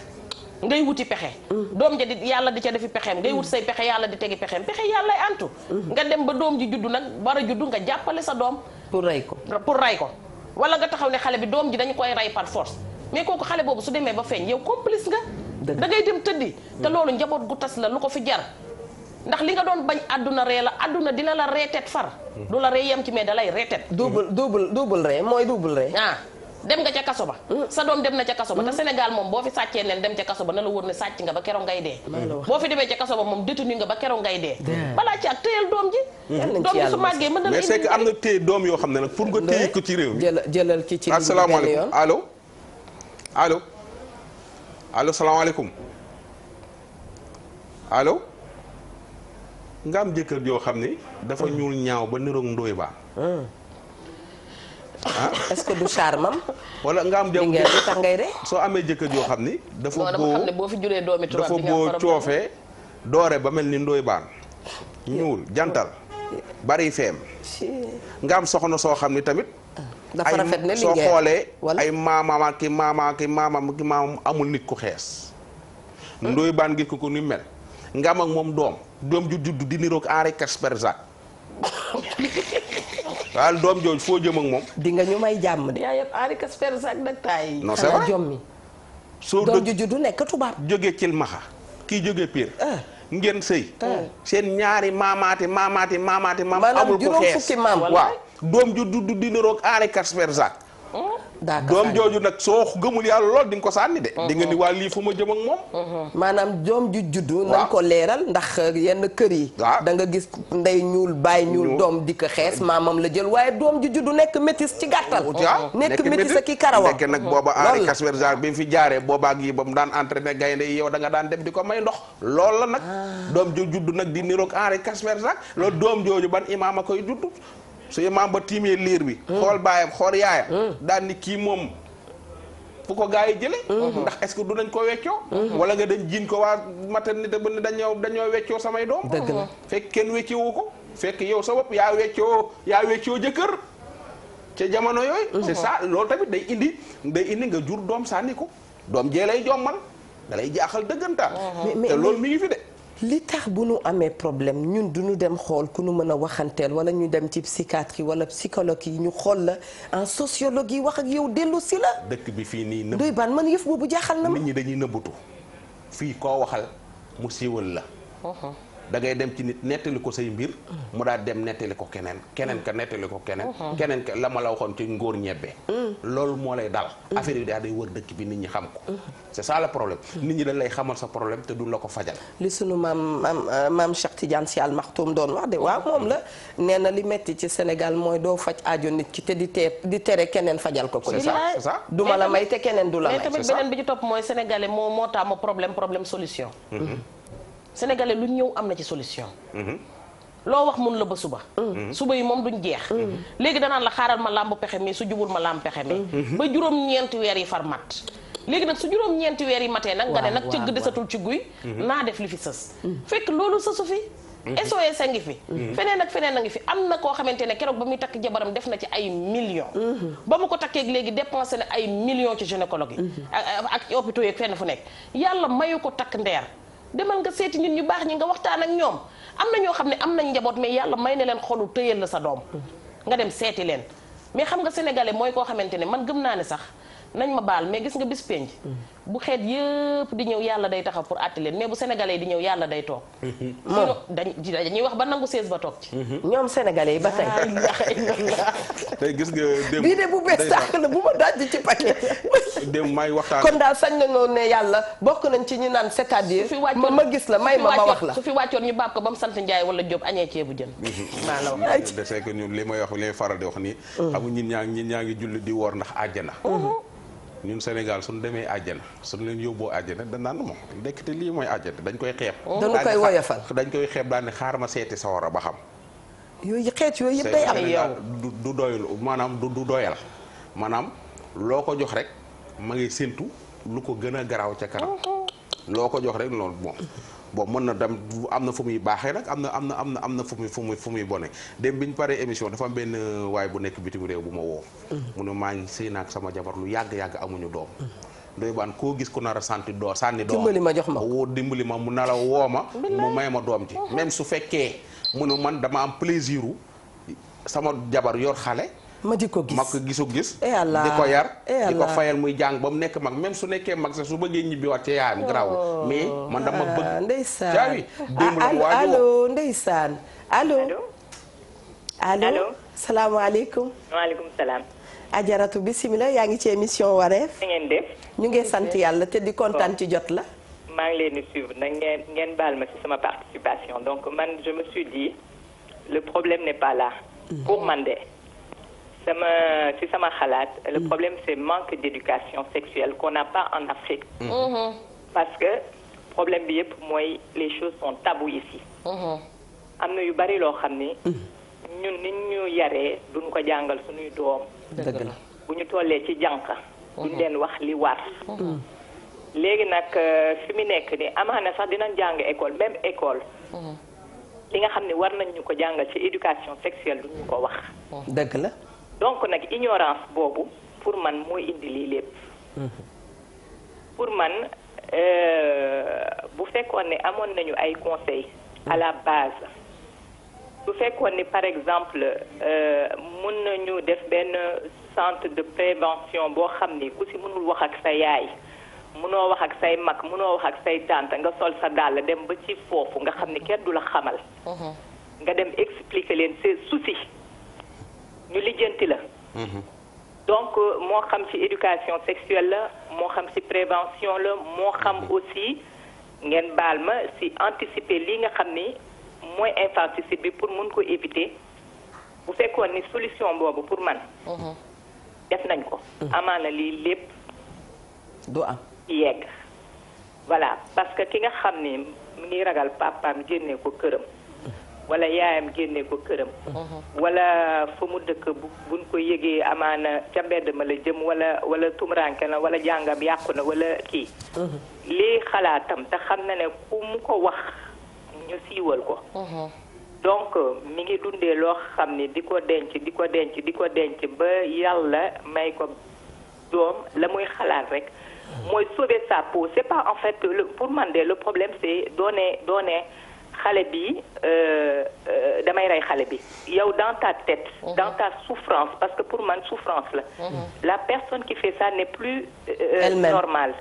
ngay wuti pexe mm-hmm. doom ja di yàlla di ca defi pexeem ngay wut mm-hmm. say pexe yàlla di tegi pexeem pexe yàlla antu nga dem ba doom ji juddu nag war a juddu nga jàppale sa doom pour rey ko pour rey ko wala nga taxaw ne xale bi doom ji dañu koy rey par force mais kooku xale boobu su demee ba feeñ yow complice nga da ngay dem tëddi te loolu njaboot gu tas la lu ko fi jar ndax li nga doon bañ àdduna ree la àdduna dina la reetet far lu la ree yem ci mais da lay reetet double double double ree mooy double ree ah dem nga ca kaso ba hmm? sa doom dem na ca kaso ba te hmm? Sénégal moom boo fi sàccee neen dem ca kaso ba na la wóor ne sàcc nga ba keroog ngay dee boo fi demee ca kaso ba moom détenu nga ba keroog ngay dee balaa ci ak téyal doom ji hmm. doom ji su màggee mën na mais c'est que am na téye doom yoo xam ne nag pour nga téye ko ci réew mi jëlal ci ci asalaamaaleykum allo allo allo salaamaaleykum allo nga am jëkkër yoo xam ne dafa ñuul ñaaw ba niroog ndóoy baa ah est-ce que du charmam wala nga am jàmm tax soo amee jëkkër joo xam ni dafa boo fi juree doomi tubaab dafa boo coofee doore ba mel ni ndooy baan ñuul jantal bari feem nga am soxna soo xam ni tamit dafa rafet ne soo xoolee ay maamam ki maamam amul nit ku xees ndooy baan gis ko ni mel nga moom doom doom ju juddu di niroog Henri Casper Jacques <laughs> waaw doom jooju foo jëm ak moom. di nga ñu may jàmm de. yaa yëpp jommi. soo doom ju juddu nekk tubaab. jóge Cilmaxa kii jóge Pire. Ah. ngeen sëy. Ah. seen ñaari maamaati maamaati maamaati maam. amul ko xees maanaam juróom fukki maam. waaw doom ju juddu di niroog Henri Casper sax. doom jooju nag soo gëmul yàlla lool di nga ko sànni de uh-huh. di nga ni waa lii fu ma jëm ak moom uh-huh. maanaam doom ju juddu nañ ko leeral ndax yenn kër yi da nga gis ndey ñuul bàyyi ñuul doom di ko xees uh-huh. maamam la jël waaye doom ju juddu nekk métis ci gàttal nekk métis ak i karawam nekk bi mu fi jaaree boobaak yi ba mu daan entraîné gaynde yi yow da nga daan dem di ko may ndox loolu la nag ah. doom ju juddu nag di niroog Henri Kasperza loolu doom jooju ban imaam a koy juddu su imaam ba tiimee liir bi. Hmm. xool baayam xool yaayam. Hmm. daal ni kii moom fu ko gaa yi jële hmm. ndax est-ce que du nañ ko weccoo. wala nga dañ jiiñ ko waa maternité ba ne dañoo dañoo weccoo samay doom. dëgg la fekk kenn weccoo ko. fekk yow sa bopp yaa weccoo yaa weccoo jëkkër. ca jamono yooyu. c'est ça loolu tamit day indi day indi nga jur doom sànni ko doom jee lay jommal da lay jaaxal dëggantaan. te loolu mi ngi fi de. li tax bu nu amee problème ñun du ñu dem xool ku nu mën a waxanteel wala ñu dem ci psychiatre yi wala psychologue yi ñu xool la en sociologue yi wax ak yow dellu si la. dëkk bi fii nii nëbb. doy baan man yëf boobu jaaxal na ma. nit dañuy nëbbutu fii koo waxal mu siiwal la. Uh-huh. da ngay dem ci nit nettali ko say mbir mu daal dem nettali ko keneen keneen ka nettali ko keneen uh-huh. keneen ka la ma la waxoon ci ngóor ñebbe mm. loolu moo lay dal mm. affaire yi daal day dëkk bi nit ñi xam ko mm. c'est ça nit ñi dañ lay xamal sa problème te duñ la ko fajal li sunu maam maam euh, maam Cheikh Tidiane doon wax de waaw la nee na li metti ci Sénégal mooy doo faj aajo nit ki te di tee di tere keneen fajal ko ko c'est ça du ma la may te keneen du la may mais tamit beneen bi ci topp mooy sénégalais moo moo taamu problème problème solution mm-hmm. sénégale lu ñëw am na ci solution. Mhm. loo wax mun la ba suba. Mhm. suba yi moom duñ jeex. Mhm. léegi danaan la xaaral ma làmb pexe mi su jubul ma làmb pexe mi. ba juróom-ñeenti weer yi far mat. léegi nag su juróom-ñeenti weer yi mate nag. nga ne nag cëgg desatul ci guy. naa def li fi sës. fekk loolu sësu fi. SOS a ngi fi. feneen ak feneen a ngi fi am na koo xamante ne keroog ba muy takk jabaram def na ci ay millions. ba mu ko takkee léegi dépensé na ay millions ci gynécologue yi. ak ak hôpitaux yeeg fenn fu nekk yàlla mayu ko takk ndeer demal nga seeti nit ñu baax ñi nga waxtaan ak ñoom am na ñoo xam ne am nañ njaboot mais yàlla may na leen xolu tëyal la sa doom nga dem seeti leen mais xam nga sénégalais mooy koo xamante ne man gëm naa ne sax nañ ma baal mais gis nga bis penc bu xeet yëpp di ñëw yàlla day taxaw pour àtte leen mais bu sénégalais di ñëw yàlla day toog. moom dañuy wax ba nangu sees ba ci. Mhm. ñoom sénégalais yi gis nga démb bii de bu bees sànq la bu ma daj ci paquet. démb may waxtaan daal sañ nañoo ne yàlla bokk nañ ci ñu naan c'est-à-dire. gis la may ma ma wax la. su fi wàccoon ñu baab ko ba mu sant njaay wala Diop añee ceebu jën. maanaam de c'est li may wax li faral di wax nii. Mhm. xam nga ñaa ngi ñun julli di woor ndax àjjana mhm. ñun Sénégal suñ demee ajana àjjana suñ leen yóbboo àjjana da naan moom ndekete lii mooy àjjana dañ koy xeeb. Oh. dañu koy woyofal dañ koy xeeb daal xaar ma seeti sawara ba xam. yooyu xeet yooyu yëpp day am du doyul maanaam du doyal maanaam loo ko jox rek ma ngi séntu lu ko gën a garaaw ca kanam. Oh. loo ko jox rek loolu bon. bon mën na dem am na fu muy baaxee nag am na am na am na am na fu muy fu muy fu muy bone dem bi ñu paree émission dafa am benn waay bu nekk bitim réew bu ma woo mm-hmm. mu ne maa ngi sëy naag sama jabar lu yàgg-yàgg amuñu doom doy baan koo gis ku nar a doo sànni doom dimbali ma jox ma woo dimbali ma mu la woo ma mu may ma doom ji même su fekkee mu ne man dama am plaisir sama jabar yor xale ma di ko gis ma ko gisu gis. eh allah di ko yar. eh allah mu nekk mag même su nekkee mag sax su bëggee ñibbiwaat ci yaayam oh. garaawul. mais man dama ah, bëgg. ndeysaan jaawi ah, démb la waa allo ndeysaan allo. allo allo. salaamaaleykum. waaleykum salaam. ajaratu bisimilah yaa ngi ci émission wareef. ñu ngi sant yàlla te di kontaan ci jot la. maa ngi leen ngeen ngeen baal ma ci sama man je me suis dit le problème n'est pas là. Mm. sama ci sama xalaat le mm. problème c'est manque d'éducation sexuelle qu'on n'a pas en Afrique mm. mm-hmm. parce que problème bi yëpp mooy les choses sont taboues ici mm-hmm. am na yu bari loo xam ni mm. ñun nit ñu yaree duñ ko jàngal suñuy doom dëgg la bu ñu tollee ci jànq duñ mm-hmm. leen wax li war léegi nag euh, fi mu nekk ni amaana sax dina jàng école même école li nga xam ne war nañ ñu ko jàngal ci éducation sexuelle duñ ñu ko wax dëgg la donc nag ignorance boobu pour man mooy indi lii lépp. pour man euh, bu fekkoon ni amoon nañu ay conseils à la base. bu fekkoon ni par exemple euh, mën nañu def benn centre de prévention boo xam ni ku ci mënul wax ak sa yaay mënoo wax ak say mag mënoo wax ak say tante nga sol sa dàll dem ba ci foofu nga xam ni kenn du la xamal. nga dem expliquer leen ses soucis. ñu lijjanti la. Mhm. donc euh, moo xam ci éducation sexuelle la moo xam ci prévention la moo xam mhm. aussi ngeen baal ma ci anticiper li nga xam ni mooy infanticide bi pour mun ko éviter bu fekkoon ni solution boobu pour man. Mhm. def nañ ko. amaana lii lépp. du am yegg. voilà parce que ki nga xam ni mu ngi ragal papaam génne ko këram. wala yaayam génne ko këram mhm. wala fa mu dëkk bu buñ ko yëgee amaana ca mbedd ma la jëm wala wala tumranke na wala jàngam yàqu na wala kii mhm. lii xalaatam te xam na ne ku mu ko wax ñu siiwal ko mhm. donc mi ngi dundee loo xam ni di ko denc di ko denc di ko denc ba yàlla may ko doom la muy xalaat rek mooy sauver sa peau c'est pas en fait pour man de le problème c'est donner donner xale bi euh, euh, damay rey xale bi yow dans ta tête mhm. dans ta souffrance parce que pour man souffrance la mhm. la personne qui fait ça n'est plus euh, normale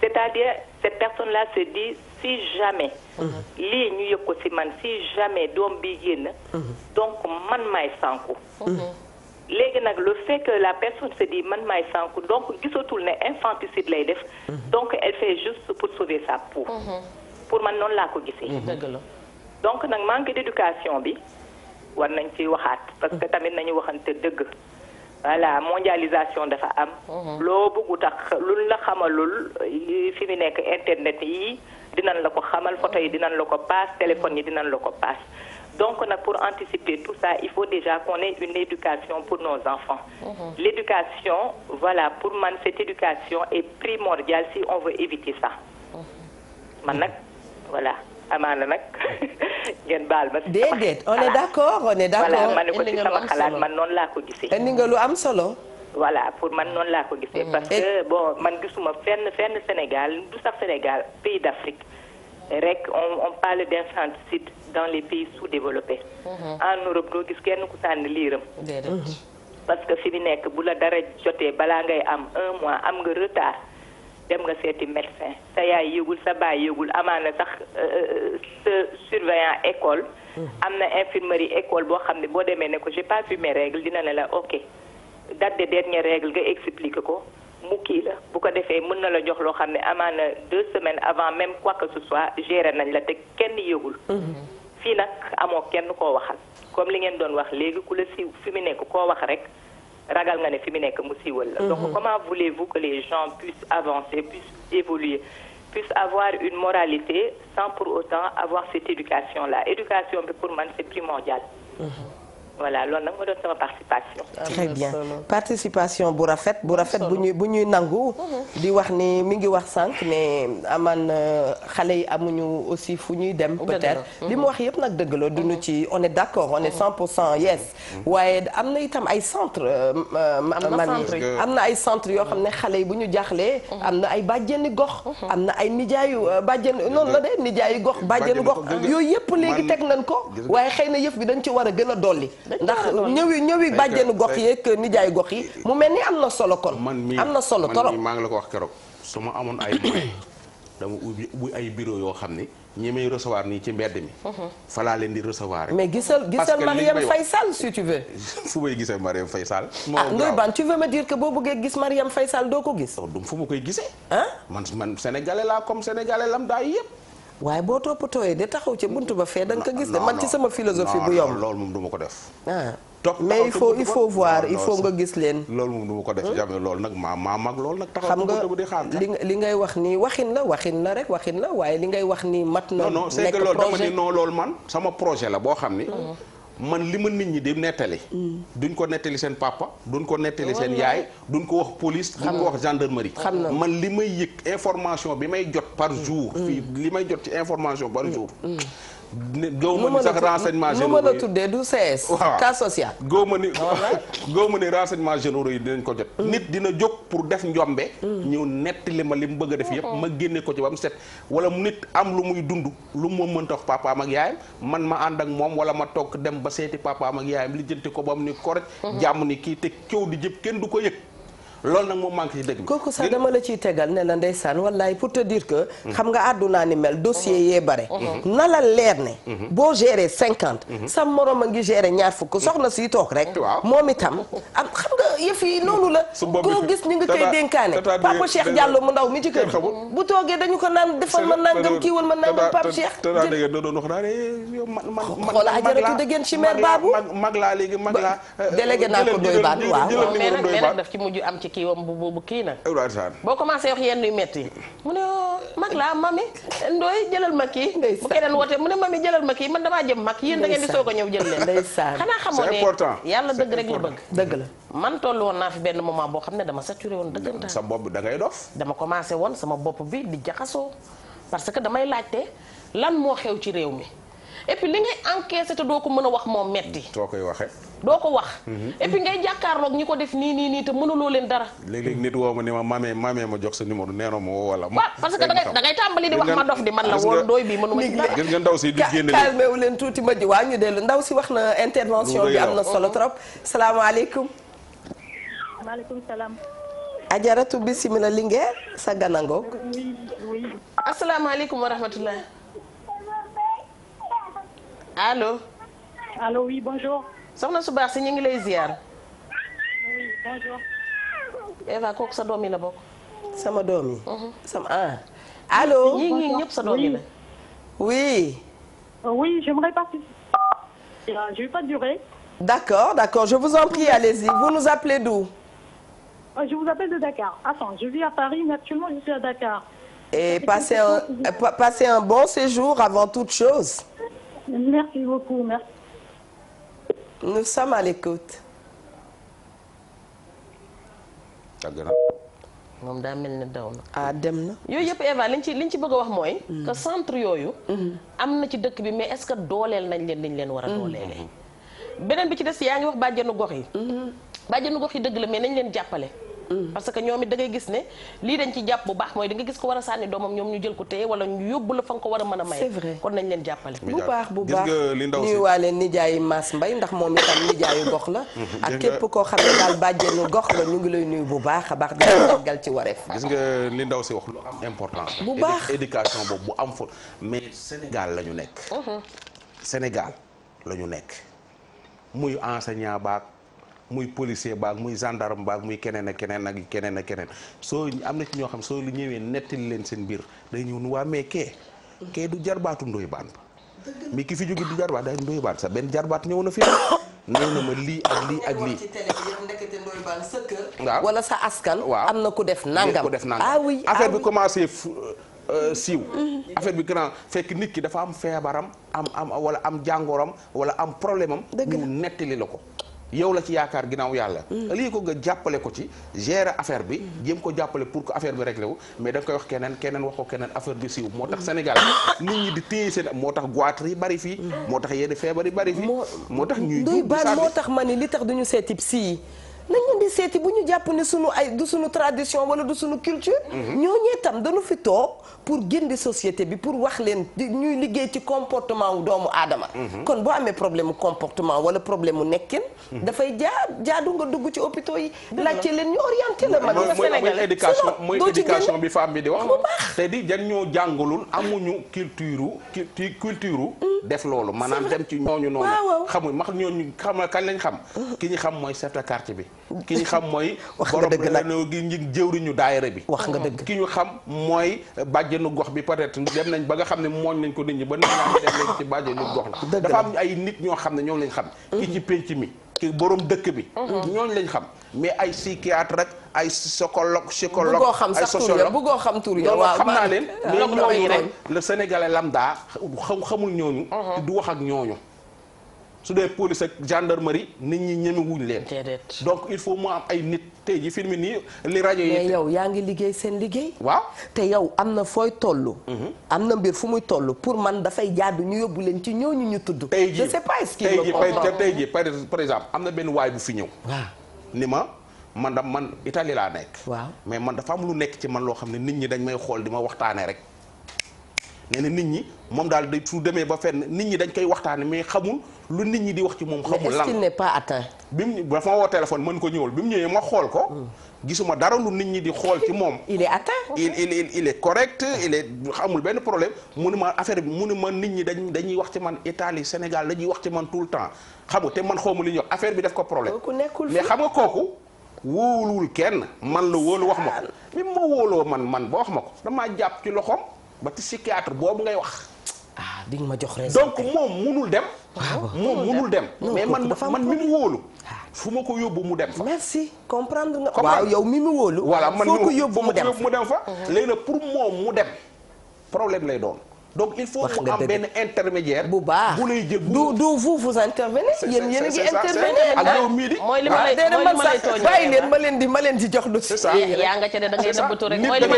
c'est-à-dire cette personne-là se dit si jamais mhm. lii ñu yëg ko ci man si jamais dome bi génn donc man maay sànku léegi nag le fait que la personne se dit man maay sànku donc gisatul ne infanticide lay def donc elle fait juste pour sauver sa peau pour man noonu laa ko gisee donc nag manque d'éducation bi war nañ ci waxaat parce que tamit nañu waxante dëgg voilà mondialisation dafa am mhm. loo bëggu tax luñ la xamalul euh, fi mi nekk internet yi dinañ la ko xamal photo yi dinañ la ko paas téléphone yi dinañ la ko paas donc nag pour anticiper tout ça il faut déjà qu'on ait une éducation pour nos enfants mmh. l'éducation voilà pour man cette éducation est primordiale si on veut éviter ça mhm. man nag voilà amaana nag <laughs> ngeen baal ma. déedéet sama xalaat man noonu laa ko gisee. indi lu am solo. wala pour man noonu laa ko gisee. Mm. parce que bon man gisuma fenn fenn Sénégal du sax Sénégal pays d'Afrique rek on on parle d'infanticide dans les pays sous-développés. Mm-hmm. en Europe doo gis kenn ku sànni liiram. Mm-hmm. parce que fi mu nekk bu la dara jotee balaa ngay am un mois am nga retard. dem nga seeti médecin sa yaay yëgul sa baay yëgul amaana sax euh, euh, euh, sa surveillant école mm-hmm. am na infirmerie école boo xam ne boo demee ne ko j'ai pas vu mes règles dina ne la ok date de dernière règle nga expliqué ko mu kii la bu ko defee mën na la jox loo xam ne amaana deux semaines avant même quoi que ce soit géré nañ la te kenn yëgul mm-hmm. fii nag amoo kenn koo waxal comme li ngeen doon wax léegi ku la siiw fi mu nekk koo wax rek ragal nga ne fi mu nekk mu siiwal la. donc mhm. comment voulez-vous que les gens puissent avancer puissent évoluer puissent avoir une moralité sans pour autant avoir cette éducation là éducation bi pour man c'est primordial. Mhm. voilà loolu nag moo doon sama participation. très bien participation bu rafet bu rafet bu ñuy bu ñuy nangu. Mhm. di wax ni mi ngi wax sànq ne amaan euh, xale yi amuñu aussi fu ñuy dem. peut-être mhm. li mu wax yëpp nag dëgg la duñu mhm. ci on est d'accord on est pour cent yes. waaye am na itam ay centre euh, mami am na ay centre yoo xam ne xale yi bu ñu jaaxlee. am na ay bàjjenu gox. am na ay nijaayu euh, bàjjenu noonu la de nijaayu gox bàjjenu gox yooyu yëpp léegi teg nañ ko waaye xëy na yëf bi dañ ci war a gën a dolli ndax ñëwi ñëwi bàjjenu gox yeeg nijaay gox yi mu mel ni am na solo kon. am na solo torop man maa ngi la ko wax keroog su ma amoon ay moyens <coughs> dama ubbi ubbi ay bureau yoo xam ni ñi may recevoir nii ci mbedd mi. Mhm. fa laa leen di recevoir. mais gisal gisal Mariam Faye Sall si tu veux. <laughs> fu may gisee Mariam Faye Sall. ah Ndoye Bane tu veux me dire que boo bëggee gis Mariam Faye Sall doo ko gis. Oh, fu ma koy gisee. ah man man sénégalais laa comme sénégalais lam daay yëpp. waaye boo toppatooyee da taxaw ci bunt ba fee danga nga ko gis de man ci sama philosophie bu yomb loolu moom du ko def ah, topp mais il faut voir il faut nga gis leen. loolu moom du ma ko def hmm? jamais loolu nag maam maa mag loolu nag. taxaw nga bu di xaar xam nga li ngay wax nii waxin la waxin la rek waxin la waaye li ngay wax nii mat na. nekk projet non non c'est que man sama projet la boo xam ni. Hmm. man li ma nit ñi di nettali. duñ ko nettali seen papa duñ ko nettali seen yaay duñ ko wax police duñ ko wax gendarmerie man li may yëg information bi may jot par jour mm. li may jot ci information par mm. jour mm. góob ma ni sax renseignement généraux yi nu ma la tuddee du CS. <laughs> ma ni góob <laughs> <laughs> ma ni renseignement généraux ko jot. Mm. nit dina jóg pour def njombe. Mm. ñëw li ma li mu bëgg a def yëpp ma génne ko ci ba mu set. wala nit am lu muy dund lu mu mënta wax papaam ak yaayam man ma ànd ak moom wala ma toog dem ba seeti papaam ak yaayam li jënti ko ba mu ni correct mm-hmm. jàmm ni kii te coow di jëpp kenn du ko yëg. loolu nag moo manqué ci dëkk bi kooku sax dama la ciy tegal ne la ndeysaan wallaay pour te dire que xam nga àddunaa ni mel dossier yee bare mhm. Mhm. na la leer ne mhm. boo géré cinquante sa moroom a ngi géré ñaar fukk soxna si toog rek moom itam am xam nga yëf yi noonu la koo gis ñu ngi koy dénkaane papa Cheikh Diallo mu ndaw mi ci kër bu toogee dañu ko naan defal ma nangam kii wal ma nangam papa Cheikh te daa dégg man man xoolaa ajaratu dëggeen ci maire baabu mag laa léegi mag laa euh, délégué naa ko doy baan waaw mais nag daf kii wam bu bu kii nag. boo commencé wax yenn yu métti. mu ne oh, mag laa mami ndooy jëlal ma kii. bu keneen woote mu ne mami jëlal ma kii man damaa jëm mag yéen da ngeen di soog a ñëw jël leen. ndeysaan xanaa xamoo ne yàlla dëgg rek la bëgg. dëgg la man toll woon naa fi benn moment boo xam ne dama saturé woon dëggantaan. sa bopp da ngay dof. dama commencé woon sama bopp bi di jaxasoo parce que damay laajte lan moo xew ci réew mi et li ngay encaissé te doo ko mën a wax moom metti doo koy waxee. doo ko wax. Mm-hmm. et puis ngay jàkkaarloog ñi ko def nii nii nii te mënuloo leen dara. léeg-léeg nit woo ma ne ma mamee mamee ma jox sa numéro nee na ma woo wala. ma parce que da ngay da ngay tàmbali di wax ma dof di man la woon dooy bi mënuma ci dara. nga ndaw si du génne calmé wu leen tuuti ma ji waa ñu dellu ndaw si wax na intervention bi am na solo trop. salaamaaleykum. maaleykum salaam. ajaratu bisimila Linguère sa ganango. asalaamaaleykum wa rahmatullah. allo. allo oui bonjour. soxna su baax si ñu ngi lay ziar. oui bonjour. Eva sa doom yi la bokk. sama doom yi. Mhm. sama ah. allo ñëpp sa doom yi la. oui. oui euh, j'aimerais participer. Euh, je vais pas durer. d'accord d'accord je vous en prie allez-y vous nous appelez d'où? Euh, je vous appelle de Dakar attends je vis à Paris mais actuellement je suis à Dakar. et passez un passez un bon séjour avant toute chose. Merci beaucoup, merci. Nous sommes à l'écoute. moom daa mel ne daw na. ah dem na. yooyu yëpp Eva liñ ci liñ ci bëgg a wax mooy. Mm. que centre yooyu. Mm-hmm. am na ci dëkk bi mais est-ce que dooleel nañ leen liñ leen war a mm-hmm. dooleelee. beneen bi ci des yaa ngi wax bàjjenu gox yi. Mm-hmm. bàjjenu gox yi dëgg la mais nañ leen jàppale. parce que ñoom it da gis ne lii dañ ci jàpp bu baax mooy da nga gis ko war a sànni doomam ñoom ñu jël ko téye wala ñu yóbbu la fa nga ko war a mën a maye. kon nañ leen jàppale. bu baax bu baax nuyu waa leen ndax moom itam nijaayu la <laughs> koo xam ne daal la ñu ngi lay nuyu bu baax a baax di sargal ci wareef gis nga li ndaw si wax lu am importance bu baax éducation boobu bu am fa mais Sénégal la ñu nekk mm-hmm. Sénégal la ñu nekk muy enseignant baak muy policier baag muy gendarme baag muy keneen ak keneen ak keneen ak keneen soo am na ci ñoo xam soo lu ñëwee nettali leen seen biir day ñëw nu waa mais kee kee du jarbaatu ndoy baan mais ki fi jóge du jarbaat day ndoy baan sax benn jarbaat ñëw na fi ñëw na ma lii ak lii ak lii waaw wala sa askan. waaw am na ku def nangam ku def nangam ah oui ah affaire bi commencé euh, euh, siiw. Mhm. affaire bi grand fekk nit ki dafa am feebaram am am wala am jàngooram wala am problème am. ñu nettali la ko. yow la ci yaakaar ginaaw yàlla mm. lii ko nga jàppale ko ci gérer affaire bi mm. jéem ko jàppale pour que affaire bi réglé wu mais da nga koy wax keneen keneen wax ko keneen affaire bi siiw moo tax mm. Sénégal nit ñi di téye seen moo tax goitre yi bari fii moo tax yenn feebar yi bari fii moo tax ñuy moo tax ma ni li tax duñu seeti sii nañ leen seeti bu ñu jàpp ne sunu ay du sunu tradition wala du suñu culture. Mhm. ñooñu itam danu fi toog pour génne societé bi pour wax leen ñuy liggéey ci comportement wu doomu aadama. Mhm. kon boo amee problème mu comportement wala problème mu nekkin. Mhm. dafay jaa jaadu nga dugg ci hôpitaux yi. laajte leen ñu orienté la ma. mooy éducation mooy éducation bi femme bi di wax. te di dañ ñoo jàngalul amuñu culture culture culture. Mm. def loolu maanaam dem ci ñooñu noonu. xamuñ max ñooñu xam kañ lañ xam. Mm-hmm. ki ñu xam mooy chef de bi. ki ñu xam mooy. <laughs> wax nga dëgg nag borom gi jëwriñu daayira bi. wax nga dëgg ki ñu xam mooy bàjjenu gox bi peut-être dem nañ ba nga xam ne mooñ lañ ko nit ñi ba nit ñaa dem nañ ci bàjjenu gox la. dafa am ay nit ñoo xam ne ñoom lañ xam. ki ci pénc mi. ki dëkk bi. Mm-hmm. ñooñu lañ xam mais ay psychiatre rek ay psychologue psychologue ay sociologue bëggoo xam tur ya waaw xam naa leen. <laughs> mais ñooñu le sénégalais lambda xamul ñooñu. Mm-hmm. du wax ak ñooñu. su dee police ak gendarmerie nit ñi ñemewuñ leen. donc il faut mu am ay nit tey ji film nii li rajo yi. mais yow yaa ngi liggéey seen liggéey. waaw te yow am na fooy toll. Mhm. am na mbir fu muy toll pour man dafay jaadu ñu yóbbu leen ci ñooñu ñu tudd. tey jii je sais pas tey jii par exemple am na benn waay bu fi ñëw. waaw ni ma man da man Italie laa nekk. waaw mais man dafa am lu nekk ci man loo xam ne nit ñi dañ may xool di ma waxtaanee rek. nee na nit ñi moom daal di su demee ba fenn nit ñi dañ koy waxtaane mais xamul lu nit ñi di wax ci moom. xamul lan mais est bi mu dafa woo téléphone mën ko ñëwal bi mu ñëwee ma xool ko. Hmm. gisuma dara lu nit ñi di xool ci moom. <laughs> il est atteint. il il il est correct il est amul benn problème mu ne ma affaire bi mu ne ma nit ñi dañ dañuy wax ci man Italie Sénégal dañuy wax ci man tout le temps xam nga te man xawma li ñuy wax affaire bi def ko problème. mais xam nga kooku. wóoluwul kenn man la woolu wax ma ko. bi ma wóoloo man man ba wax ma ko damaa jàpp ci loxoom. ba ci psychiatre boobu ngay wax. ah di nga ma jox raison donc moom munul dem. Ah moom munul dem. mais man man mi mu wóolu. Ah. fu ma ko yóbbu mu dem fa. merci comprendre nga. waaw yow mi mu wóolu. voilà man mi ko yóbbu mu dem fa mm-hmm. léegi pour moom mu dem problème lay doon. donc il faut mu am benn intermédiaire bu baax bu lay jëg du du vous vous intervenez yéen yéen a ngi intervenir ah, ak yow mii di mooy li ma ah, lay mooy li ma lay tooñee bàyyi leen ma leen di ma leen di jox dossier c'est ça yaa nga ca ne da ngay nëbbatu rek mooy li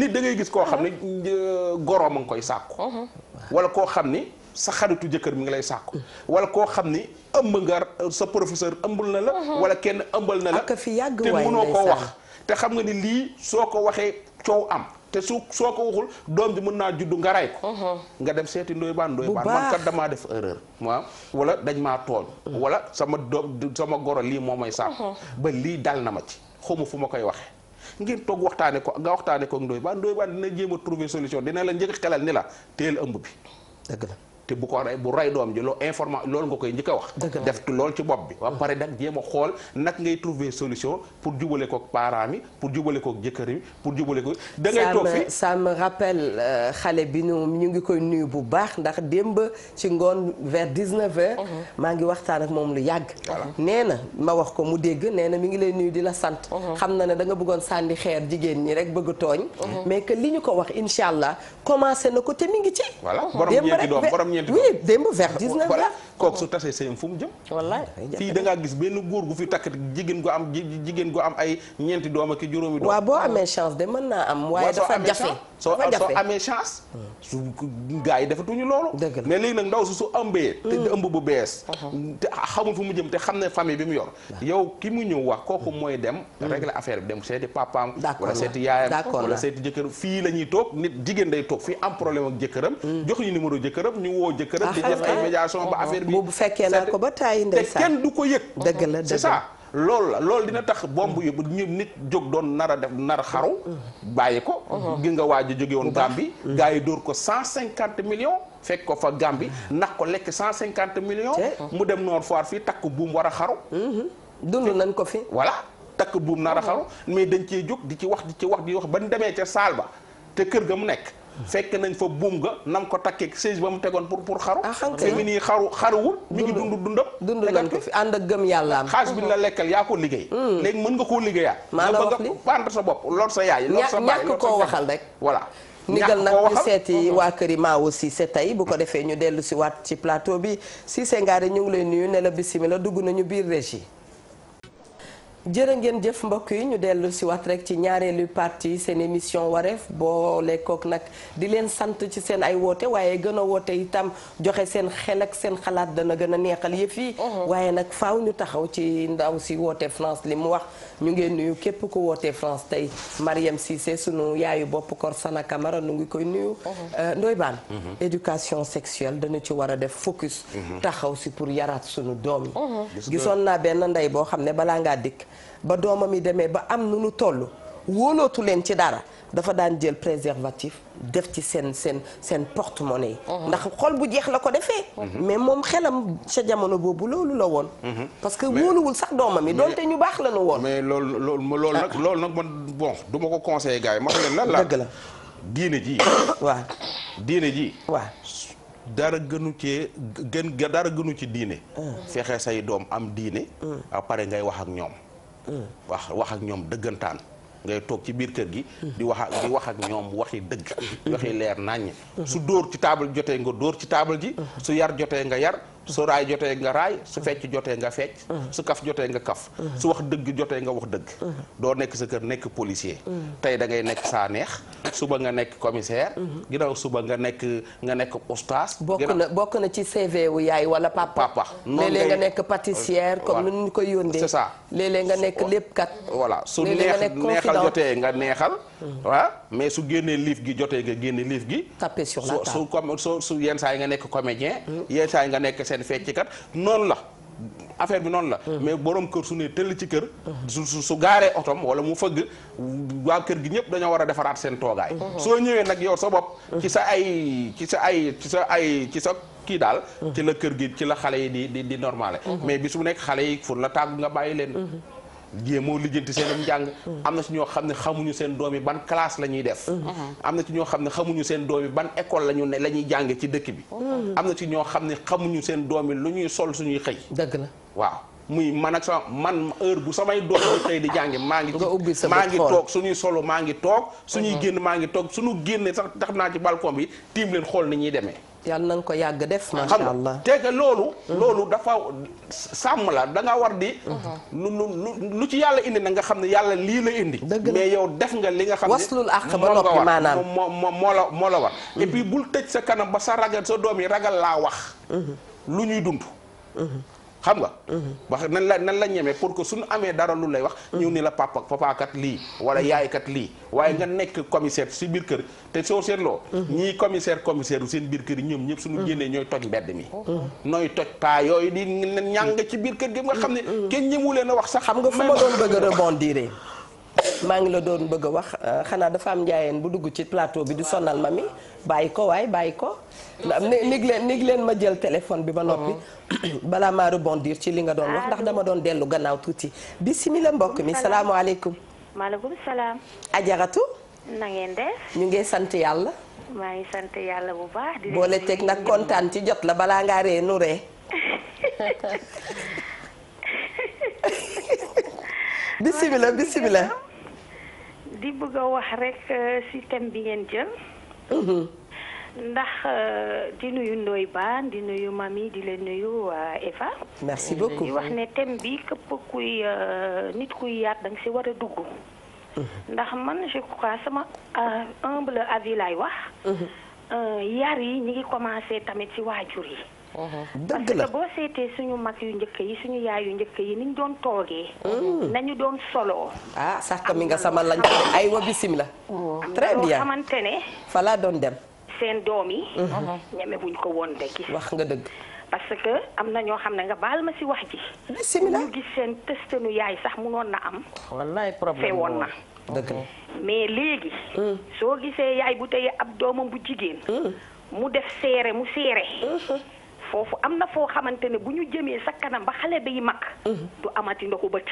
nit da ngay gis koo xam ne goroom a ngi koy sàkku uh-huh. wala koo xam ni sa xaritu jëkkër mi ngi lay sàkku wala koo xam ni ëmb ngar euh, sa professeur ëmbul na la uh-huh. wala kenn ëmbal na la te mënoo ko wax te xam nga ni lii soo ko waxee coow am te su soo ko waxul doom bi mën naa juddu nga ray ko uh-huh. nga dem seeti ndoy baan ndoy baan man kat damaa def erreur waaw wala dañ maa tooñ uh-huh. wala sama doom sama goro lii moo may sàmm uh-huh. ba lii dal na ma ci xawma fu ma koy waxe ngeen toog waxtaane ko nga waxtaane ko ak ndoy baan ndoy baan dina jéem a trouver solution dina la njëkk xelal ni la teel ëmb bi dëgg la te bu ko rey bu rey doom ji loo informa loolu nga koy njëkk a wax def loolu ci bopp bi ba pare nag jéem a xool nag ngay trouver solution pour jubale ko parents mi pour jubale ko jëkkër mi pour jubale ko da ngay toog fi ça euh, xale bi ñu ñu ngi koy nuyu bu baax ndax démb ci ngoon vers 19h mhm. maa ngi waxtaan ak moom lu yàgg nee na ma wax ko mu dégg nee na mi ngi lay nuyu di la sant mhm. xam na ne danga bëggoon sànni xeer jigéen ñi rek bëgg tooñ mhm. mais que li ñu ko wax incha allah commencé na ko te mi ngi ci voilà ñeenti oui démb vers 19 voilà kook su tasee sëyam fu mu jëm wallaay fii da ngaa gis benn góor gu fi takk jigéen gu am jigéen gu am ay ñeenti doom ak juróomi doom waaw boo amee chance de mën naa am waaye dafa jafe soo amee chance su gars yi defatuñu loolu mais léegi nag ndaw su su ëmbee te mm. ëmb bu bees mm-hmm. te xamul fu mu jëm xam ne famille bi mu yor yow ki mu ñëw wax kooku mm. mooy dem mm. régler affaire bi dem seeti papaam wala seeti yaayam wala seeti jëkkër fii la ñuy toog nit jigéen day toog fii am problème ak jëkkëram jox ñu numéro jëkkëram ñu woo jëkkëram ah, di def ay médiation ba mm-hmm. affaire affaire bu fekkee naa ko ba taayi ndeysaan te kenn du ko yëg. dëgg la dëgg c'est loolu dina tax bomb yu ñu nit jóg doon nar a def nar xaru. bàyyi ko. Uh-huh. gi nga waaj a jóge woon Gambie. Mm. gars yi dóor ko cent cinquante million fekk ko fa Gambie nax ko lekk cinquante million mu dem Nord Foire fii takk buum war a xaru. Mm-hmm. dund nañ ko fi. voilà takk buum nar a xaru uh-huh. mais dañ cee jóg di ci wax di ci wax di wax ba ñu demee ca saal ba te kër ga mu nekk. fekk nañ fa buum ga nam ko takkee sées ba mu tegoon pour pour xaru ah, te mi nii xaru xaruwul mi ngi dund dundam dund nañ ko fi ànd ak gëm yàlla am xaalis bi ñu la lekkal yaa ko liggéey mm. léegi mën nga koo liggéeyaat maa la wax li ànd sa bopp lor sa yaay lor sa baay ñàkk koo waxal rek voilà ndigal nag ñu seeti waa kër yi maa aussi c'est tey bu ko defee ñu dellu si waat ci plateau bi Cissé Ngare ñu ñëw leen nuyu ne la bisimila dugg nañu biir régie jërë ngeen jëf mbokk yi ñu dellu si waat rek ci ñaareelu partie seen émission wareef boo lekkook nag di leen sant ci seen ay woote waaye gën a woote itam joxe seen xel ak seen xalaat dana gën a neexal yëf yi. Mhm. waaye nag faaw ñu taxaw ci ndaw si woote France li mu wax ñu ngeen nuyu képp ko woote France tey Mariam Cissé sunu yaayu bopp kor Sana Camara nu ngi koy nuyu. Mhm. Euh, Ndoye Bane. Mhm. éducation sexuelle dana ci war a def focus. taxaw si pour yaraat sunu doom yi. boo xam ne balaa ngaa dikk. ba doomam yi demee ba am nu nu toll wóolootu leen ci dara dafa daan jël préservatif def ci seen seen seen porte-monnaie yi mhm. ndax xol bu jeex la ko defee mhm. mais moom xelam sa jamono boobu loolu la woon mhm. parce que wóoluwul sax doomam yi doonte ñu baax la nu woon mais loolu loolu loolu nag ah. loolu nag man bon du ma ko conseillé gars yi ma xam ne lan la dëgg la diine ji <coughs> waaw diine ji waaw dara gënu ci gën dara gënu ci diine ah. fexe say doom am diine mm. a ngay wax ak ñoom wax wax ak ñoom dëggantaan ngay toog ci biir kër gi di wax ak ñoom waxi dëgg waxi leer naññ mm-hmm. su dóor ci taabal jotee nga dóor ci taabal ji mm-hmm. su yar jotee nga yar su raay jotee nga raay su fecc jotee nga fecc mm-hmm. su kaf jotee nga kaf mm-hmm. su wax dëgg jotee nga wax dëgg mm-hmm. doo nekk sa kër nekk policier tey da ngay nekk saa neex suba nga nekk commissaire ginnaaw suba nga nekk nga nekk oustaz bokk bokk na ci CV yaay wala papa papa léeg-léeg nga nekk pâtissière comme nu ñu koy yóndee c'est ça nga nekk léppkat voilà su neex neexal jotee nga neexal waaw mais su génnee liif gi jotee nga génne liif gi taper sur la table su comme su yenn saa nga nekk comédien yenn saa nga nekk seen fecckat noonu la affaire bi noonu la hmm. mais boroom kër su ne tëll ci kër hmm. su su gaaree otom wala mu fëgg waa kër gi ñëpp dañoo war a defaraat seen toogaay hmm. soo ñëwee nag yow sa bopp ci sa ay ci sa ay ci sa ay ci sa kii daal ci la kër gi ci la xale yi di di di mais bis bu nekk xale yi fu la tàggu nga bàyyi leen jéem moo lijjanti seenum njàng mm. am na si ñoo xam ne xamuñu seen doom yi ban classe la ñuy def mm. mm-hmm. am na ci ñoo xam ne xamuñu seen doom yi ban école la ñu ne la ñuy ci dëkk bi mm-hmm. am na ci ñoo xam ne xamuñu seen doom lu ñuy sol suñuy xëy dëgg la waaw muy man ak sama man heure bu samay doom yi xëy di jàngi maa ngi <laughs> maa ngi toog suñuy solo maa ngi toog suñuy mm-hmm. génn maa ngi toog suñu génne sax tax naa ci balcon bi tiim leen xool ni ñuy demee yàlla na nga ko yàgg def. macha allah te que loolu. Mhm. loolu dafa sàmm la da nga war di. lu lu lu lu ci yàlla indi na nga xam ne yàlla lii la indi. mais yow def nga li nga xam ne waslul àq ba noppi maanaam moo moo la moo la war. Mhm. et bul tëj sa kanam ba sa ragal sa doom yi ragal laa wax. Mhm. lu ñuy dund. xam nga. Mhm. wax nan la nan la ñemee pour que suñu amee dara lu lay wax. Mhm. ñëw ni la papa papa kat lii wala mhm. yaay lii waaye nga nekk commissaire si biir kër te soo seetloo. ñii commissaire commissaire yu seen biir kër yi ñoom ñëpp suñu génnee ñooy toj mbedd mi. nooy toj paa yooyu di ñàng ci biir kër gi nga xam ne. kenn ñëmu leen a wax sax xam nga fu ma doon bëgg rebondir maa ngi la doon bëgg a wax euh, xanaa dafa am njaayeen bu dugg ci plateau bi du sonal ma mi bàyyi ko waay bàyyi ko. néeg leen leen ma jël téléphone bi ba noppi. Mm-hmm. <coughs> balaa maa rebondir ci li nga doon wax ndax dama doon dellu gannaaw tuuti. bisimilah mbokk mi salaamaaleykum. maaleykum salaam. ajaratu. na ñu ngi sant yàlla. maa ngi sant yàlla bu baax. boole teg nag kontaan ci jot la balaa ngaa ree nu ree <laughs> <laughs> bisimilah bisimilah. di bëgg wax rek euh, si thème bi ngeen jël. Mhm. ndax euh, di nuyu Ndoye baan di nuyu mami di leen nuyu euh, Eva. merci beaucoup di wax ne thème bi képp kuy nit kuy yar da nga si war a dugg. Mhm. ndax man je crois sama humble avis laay wax. Mhm. yar yi ñu ngi commencé tamit si waajur yi. dëgg la boo seetee suñu mag yu njëkk yi suñu yaay yu njëkk yi niñ doon toogee. Hmm. nañu doon soloo. ah sax mi nga sama lañ ay wa bisimilah. Hmm. très bien xamante ne. fa doon dem. seen doom yi. Hmm. Uh-huh. ñeme buñ ko woon de gis. wax nga dëgg. parce que am na ñoo xam ne nga baal ma si wax ji. bisimilah ñu gis seen testanu yaay sax munoon na am. wallaay problème feewoon na. Uh-huh. mais léegi. soo gisee yaay bu tey ab doomam bu jigéen. mu def seere mu seere. foofu am na foo xamante ne bu ñu jëmee sa kanam ba xale day mag. du amati ndoxu bët.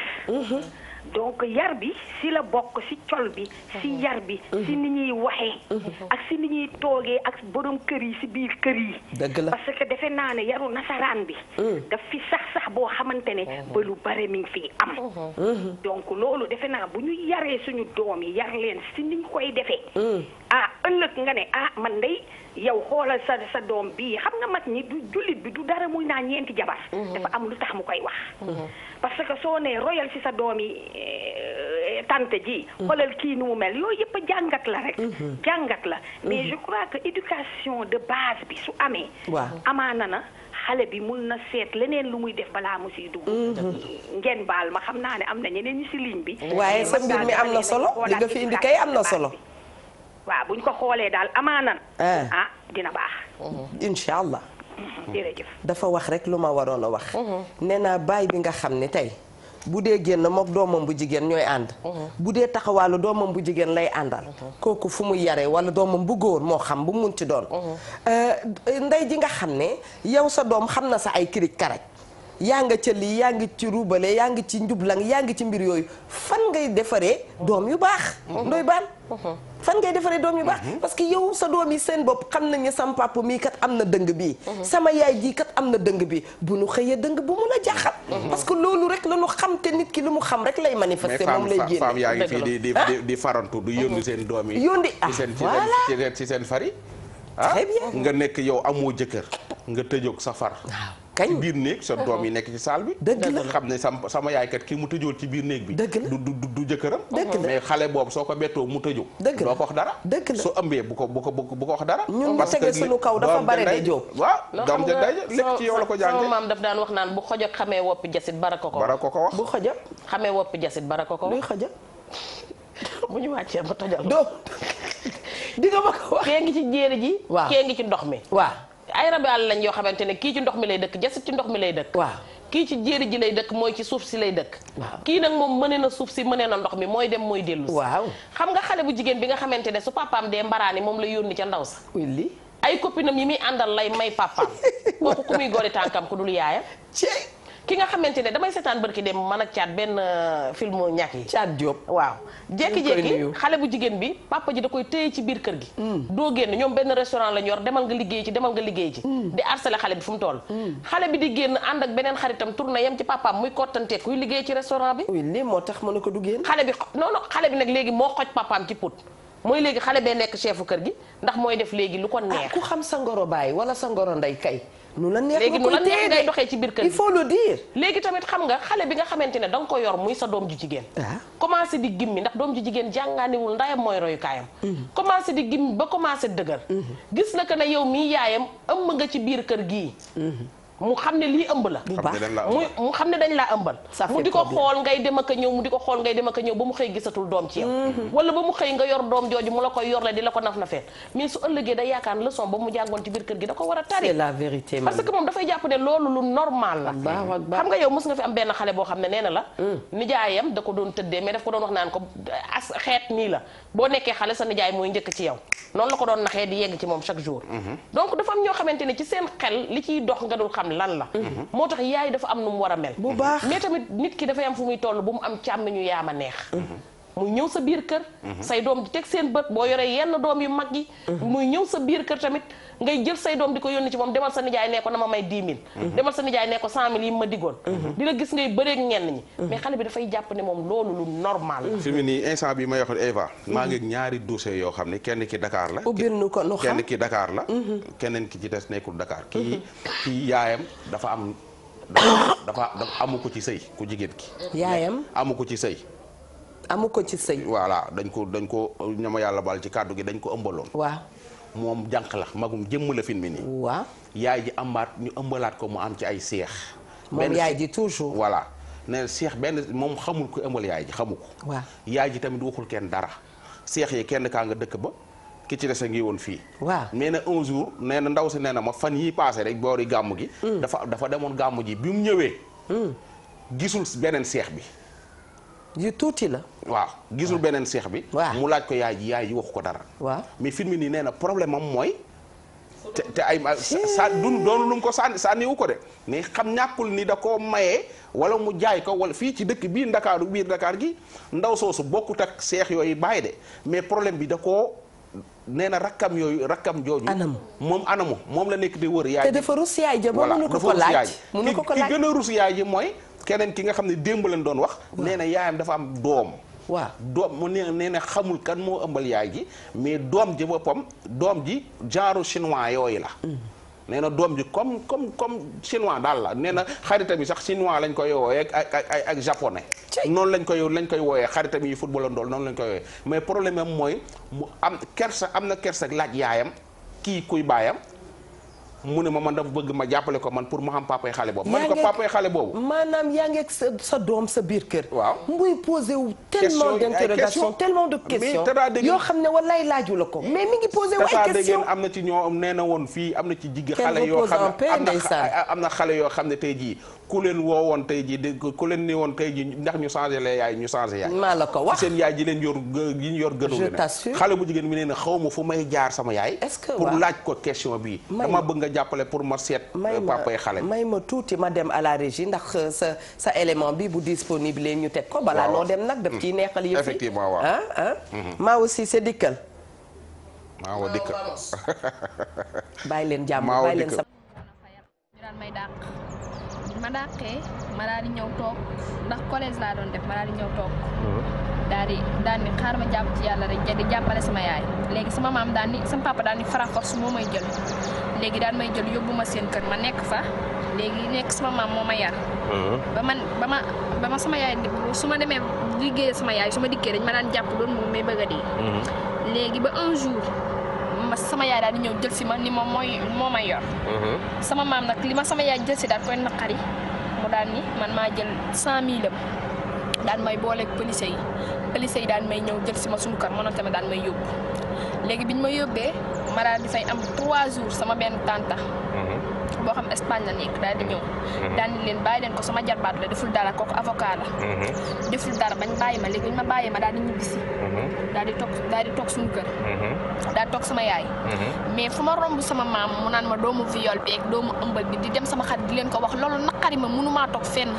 donc yar bi si la bokk si col bi si yar bi si ni ñuy waxee ak si ni ñuy toogee ak borom kër yi si biir kër yi dëgg la parce que defe naa ne yaru nasaraan bi hmm. daf fi sax sax boo xamante ne ba lu bare mi ngi fi am hmm. donc loolu defe naa bu ñu yaree suñu doom yi yar leen si niñ koy defee hmm. ah ëllëg nga ne ah man day yow xoolal sa sa doom bii xam nga mat ñi du jullit bi du dara muy naa ñeenti jabar. Mhm. dafa am lu tax mu koy wax. Mhm. parce que soo nee royal ci sa doom yi eh, tante ji. Mhm. xoolal kii ni mu mel yooyu yëpp a jàngat la rek. jàngat la mais je crois que éducation de base bi su amee. waaw amaana na. xale bi mun na seet leneen lu muy def balaa mu siy dugg. ngeen baal ma xam naa ne am na ñeneen ñi ci ligne bi. waaye sa mbir mi am na solo li nga fi indi kay am na solo. waaw bu buñ ko xoolee daal amaanan. Eh. ah dina baax. Mhm. incha allah. Mhm, dafa wax rek lu ma waroon a wax. Mhm. nee naa baay bi nga xam ni tey. bu dee génn mook doomam bu jigéen ñooy ànd bu dee taxawaalu doomam bu jigéen lay àndal kooku fu mu yaree wala doomam bu góor moo xam bu mun ci doon eh, ndey ji nga xam ne yow sa doom xam na sa ay kirij karaj yaa nga ca lii yaa ngi ci ruubale yaa ngi ci njublang yaa ngi ci mbir yooyu fan ngay defaree doom yu baax mhm. ndoy baan mhm. fan ngay defaree doom yu baax mhm. parce que yow sa doom yi seen bopp xam nañ ne sama papa mii kat am na dëng bi sama yaay jii kat am na dëng bi bu nu xëyee dëng bu mu la jaaxal parce que loolu rek la xam te nit ki lu mu xam rek lay manifester moom lay génne femme yaa di di farantu du yónni seen doom yi yónni ah voilà ci seen fari Ah, très bien nga nekk yow amoo jëkkër nga tëjoog sa far kañ ci biir néeg sa doom yi nekk ci saal bi. dëgg la xam ne sama sama yaay kat kii mu tëjool ci biir néeg bi. dëgg la du du du jëkkëram. dëgg la mais xale boobu soo ko bettoo mu tëju. dëgg la ko wax dara. dëgg la soo ëmbee bu ko bu ko bu ko wax dara. ñun ñu tege kaw dafa bare de jóg. waaw doom ja day lépp yow la ko jàngee maam daf daan wax naan bu xoj ak xamee wopp jasit bara ko ko. bara ko ko wax bu xoj ak. xamee wopp jasit bara ko ko. luy xoj <laughs> bu ñu wàccee ma tojal do di nga ma ko wax kee ngi ci jéere ji waaw kee ngi ci ndox mi waaw ay rabi lañ yoo xamante ne kii ci ndox mi lay dëkk jasit ci ndox mi lay dëkk waaw kii ci jéeri ji lay dëkk mooy ci suuf si lay dëkk kii nag moom mënee na suuf si mënee na ndox mi mooy dem mooy dellu waaw xam nga xale bu jigéen bi nga xamante ne su papaam dee mbaraani moom la yónni ca ndaw sa ay nag yi muy àndal lay may papaam <laughs> kooku ku muy gori tànkam ku dul yaayam ki nga xamante ne damay seetaan barki dem man ak caat benn euh, film ñàkk yi. caat Diop waaw. jékki-jékki xale bu jigéen bi papa ji da koy téye ci biir kër gi. Hmm. doo génn ñoom benn restaurant la ñu yor demal nga liggéey ci demal nga liggéey ci. Hmm. di harcelé xale bi fu mu toll. Hmm. xale bi di génn ànd ak beneen xaritam tourné yem ci papaam muy kottante kuy liggéey ci restaurant bi. oui moo tax mën na ko du génn. xale bi non non xale bi nag léegi moo xoj papaam ci put mooy léegi xale bee nekk chefu kër gi ndax mooy def léegi lu ko ah, xam sa ngoro baay wala sa ngoro ndey kay nu la neex léegi nu la neex ngay doxee ci biir kër il faut le léegi tamit xam nga xale bi nga xamante ne da ko yor muy sa doom ji jigéen ah. commencé di gimmi ndax doom ju jigéen jàngaaniwul ndayam mooy royukaayam mhm. commencé di gimmi ba commencé dëgër mhm. gis na que ne yow mii yaayam ëmb nga ci biir kër gii mhm. mu xam ne lii ëmb la bu baax mu xam ne dañ laa ëmbal mu di ko xool ngay dem ak a ñëw mu di ko xool ngay dem ak a ñëw ba mu xëy gisatul doom ci yow mm-hmm. wala ba mu xëy nga yor doom jooju mu la ko yor la di la ko naf na feen mais su ëllëgee da yaakaar leçon ba jàngoon ci biir kër gi da ko war a tari c'est la vérité parce que moom dafay jàpp ne loolu lu normal la mm-hmm. xam nga yow mës nga fi am benn xale boo xam ne nee na la mm. nijaayam da ko doon tëddee mais daf ko doon wax naan ko as xeet nii la boo nekkee xale sa nijaay mooy njëkk ci yow noonu la ko doon naxee di yegg ci moom chaque jour mhm. donc dafa am ñoo xamante ne ci seen xel li ciy dox nga dul xam lan la mhm. Mhm. moo tax yaay dafa am nu mu war a mel bu baax mais tamit nit ki dafa am fu muy toll bu mu am càmm ñu yaama neex muy ñëw sa biir kër. Mhm. say doom teg seen bët boo yoree yenn doom yu mag yi. Mhm. muy ñëw sa biir kër tamit ngay jël say doom di ko yónni ci moom demal sa nijaay nee ko may 10 000. Mhm. demal sa nijaay nee ko 100 ma di la gis ngay bëreeg ñenn ñi. mais xale bi dafay jàpp ne moom loolu lu normal la. fi mu nii instant bi may wax maa ngi ñaari dossier yoo xam ne kenn ki Dakar la. ubbil nu ko nu xam ki Dakar la. keneen ki ci des nekkul Dakar. kii kii yaayam dafa am. dafa dafa amu ko ci sëy ku jigéen ki. yaayam amu ko ci sëy amu ko ci sëy voilà dañ ko dañ ko ñama yàlla baal ci kàddu gi dañ ko ëmbaloon waa moom jànq la magum jëmm la fin mi nii waa yaay ji ambaat ñu ëmbalaat ko mu am ci ay seex moom yaay ji toujours voilà ne seex benn moom xamul ko ëmbal yaay ji xamu ko waaw yaay ji tamit waxul kenn dara seex yi kenn kaa nga dëkk ba ki ci des a ngi woon fii waa nee na un jour nee na ndaw si nee na ma fan yi passé rek boori gàmmu gi mm. dafa dafa demoon gàmmu ji bi mu ñëwee mm. gisul beneen seex bi ji tuuti la. waaw gisul beneen seex bi. mu laaj ko yaay ji yaay ji waxu ko dara. waaw mais film nii nee na problème am mooy. te te ay sa dun doonu lu mu ko sànni sànniwu ko de mais xam ñàkkul ni da koo maye wala mu jaay ko wala fii ci dëkk biir ndakaaru biir ndakaar gi ndaw soosu bokkut ak seex yooyu bàyyi de mais problème bi da koo nee na rakkam yooyu rakkam jooju. anam moom anamu moom la nekk di wër yaay. te dafa rus yaay ja ba mënu ko ko laaj. mënu ko ko laaj ki gën a rus yaay ji mooy. keneen ki nga xam ne démb leen doon wax. nee na yaayam dafa am doom. waaw doom mu ne nee na xamul kan moo ëmbal yaay ji mais doom ji boppam doom ji genre chinois yooyu la. Mm. nee na doom ji comme comme comme chinois daal la nee na xaritam yi sax chinois lañ koy wooyee ak ak ak ak noonu lañ koy lañ koy wooyee xaritam yi football ndool noonu lañ koy wooyee mais problème am mooy mu am kers am na kersa laaj yaayam kii kuy baayam. mu ne ma man dafa bëgg ma jàppale ko man pour mu xam papay xale boobu. man ko papay xale boobu. maanaam yaa ngi ak sa sa doom sa biir kër. waaw muy posé wu. tellement d'interrogations tellement de questions. yoo xam ne wallaay laaju la ko. mais mi ngi posé wu ay questions am na ci ñoo nee na woon fii am na ci jigéen xale yoo xam ne am na xale yoo xam ne tey jii ku leen woo woon tey ji de ku leen ni woon tey ji ndax ñu changé la yaay ñu changé yaay maa la ko wax seen yaay ji leen yor yi ñu yor gënu je t'assure xale bu jigéen mi nee na xaw ma fu may jaar sama yaay est-ce que pour laaj ko question bi dama bëgg nga jàppale pour ma seet euh, papay xale may ma tuuti ma dem à la régie ndax euh, sa sa élément bi bu disponible ñu teg ko balaa noo dem nag daf hmm. ciy neexal yëf yi effectivement waaw ah ah hmm. maa aussi c'est dikkal maa wa dikkal <laughs> bàyyi leen jàmm bàyyi sa may ma dàqee ma daal di ñëw toog ndax collège laa doon def ma daal di ñëw toog. daal di daal di xaar ma jàpp ci yàlla rek di jàppale sama yaay léegi sama maam daal ni sama papa daal ni faraforce moo may jël léegi daal may jël yóbbu ma seen kër ma nekk fa léegi nekk sama maam moo ma yar. Uh-huh. ba man ba ma ba ma sama yaay su ma demee liggéeyee sama yaay su ma dikkee dañ ma daan jàpp doon moom may bëgg a dee. Uh-huh. léegi ba un ma sama yaay daal di ñëw jël si ma ni ma mooy moo may yor. Mhm. sama maam nag li ma sama yaay jël si daal koy naqari mu daal ni man maa jël cent mille daan may booleeg police yi police yi daal may ñëw jël si ma suñu kër ma noonu tamit daal may yóbbu léegi bi ñu ma yóbbee ma daal di fay am trois jours sama benn tànta boo xam Espagne la nekk daal di ñëw daal mhm. daan leen bàyyi leen ko sama jarbaat la deful dara kooku avocat la mhm. deful dara bañ bàyyi ma léegi ñu ma bàyyi ma daal di ñibbisi mhm. daal di toog daal di toog suñu kër toog sama yaay mais fu ma romb sama maam mu naan ma doomu viol bi ak doomu bi di dem sama xarit di leen ko wax loolu naqari ma mënumaa toog fenn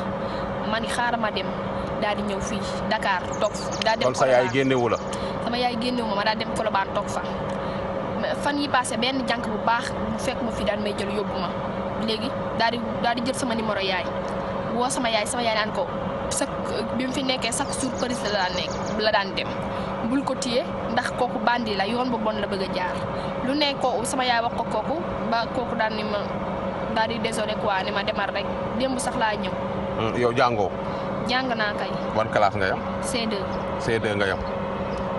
ma ni xaaral ma dem daal di ñëw fii Dakar toog daal dem kon sa yaay génnewu la sama yaay génnewu ma ma daal dem Colobane toog fa fan yi passé benn jànk bu baax bu fekk ma fi daan may jël yóbbu ma léegi daal di daal di jël sama numéro yaay woo sama yaay sama yaay naan ko sa bi mu fi nekkee chaque jour Paris la daan nekk la daan dem bul ko téye ndax kooku bandi la yoon bu bon la bëgg a jaar lu nekk kooku sama yaay wax ko kooku ba kooku daan ni ma daal di désolé quoi ni ma demar rek démb sax laa ñëw. Hmm, yow jàngoo. jàng naa kay. ban classe nga yam. C2. nga yam.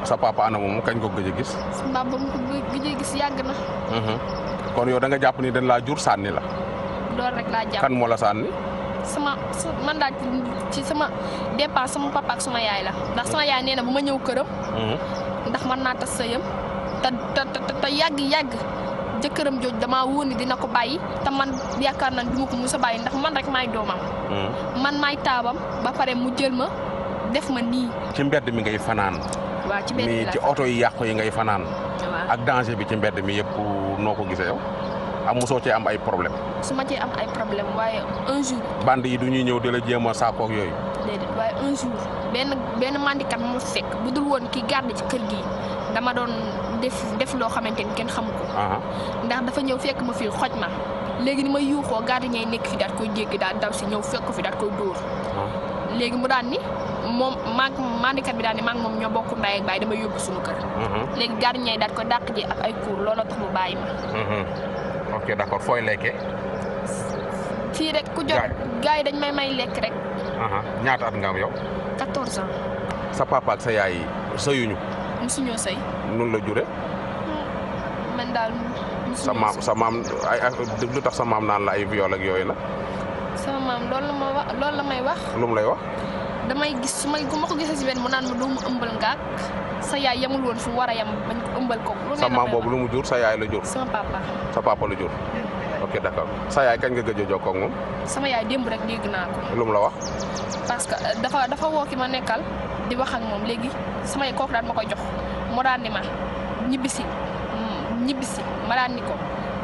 sa papa ana moom kañ ko gëj a gis. sama papa mu ko gëj gis yàgg na. Mhm. kon yow da jàpp ni dañ laa jur sànni la. loolu rek laa jàpp kan moo la sànni. sama man daal ci sama dépense sama papa ak yaay la ndax sama yaay nee na ma ñëw këram. Mhm. ndax mën naa tas sëyam te yàgg yàgg jëkkëram jooj damaa wóor ni dina ko bàyyi te man yaakaar naa du ma ko musa bàyyi ndax man rek maay doomam. Mhm. man maay taabam ba pare mu jël ma def ma nii. ci mbedd mi ngay fanaan. mais ci oto yi yàqu yi ngay fanaan. ak danger bi ci mbedd mi yëpp noo ko gisee yow. am mosoo cee am ay problème su ma cee am ay problème waaye un jour. bande yi du ñuy ñëw di la jéem a saakoog yooyu. waaye un jour benn benn mandikat mu fekk bu dul woon ki garde ci kër gi dama doon def def loo xamante ni kenn xamu ko. ndax dafa ñëw fekk ma fi xoj ma léegi ni ma yuuxoo garde ñay nekk fi daal koy jéggi daal daw si ñëw fekk ko fi daal koy dóor. léegi mu moom maag mandikat bi daal ne maag moom ñoo bokk ndey ak baay dama yóbbu suñu kër. Mhm. léegi gardien daal ko dàq ji ak ay cour looloo tax mu bàyyi ma. Mhm. ok d' accord fooy lekkee. fii rek ku jot yi sa papa ak sa sëy. nun la jure. man daal sa maam sa lu tax sa maam naan la ay viol yooyu nag. sama maam loolu la may wax. lu mu lay wax. damay gis su ma ko gisee si mu naan ma doomu ëmbal ngaak sa yaay yamul woon su war a yam bañ ko ëmbal ko. sa boobu lu mu jur sa yaay la jur. sama sa papa la jur. Hmm. ok d'accord sa yaay kañ nga gëj a jokkoo ak moom. sama yaay démb rek dégg naa ko. lu mu la wax. parce euh, dafa dafa ki ma nekkal di wax ak moom léegi samay kooku daan ma koy jox moo daan ni ma ñibbisi hmm, ñibbisi ma daan ko.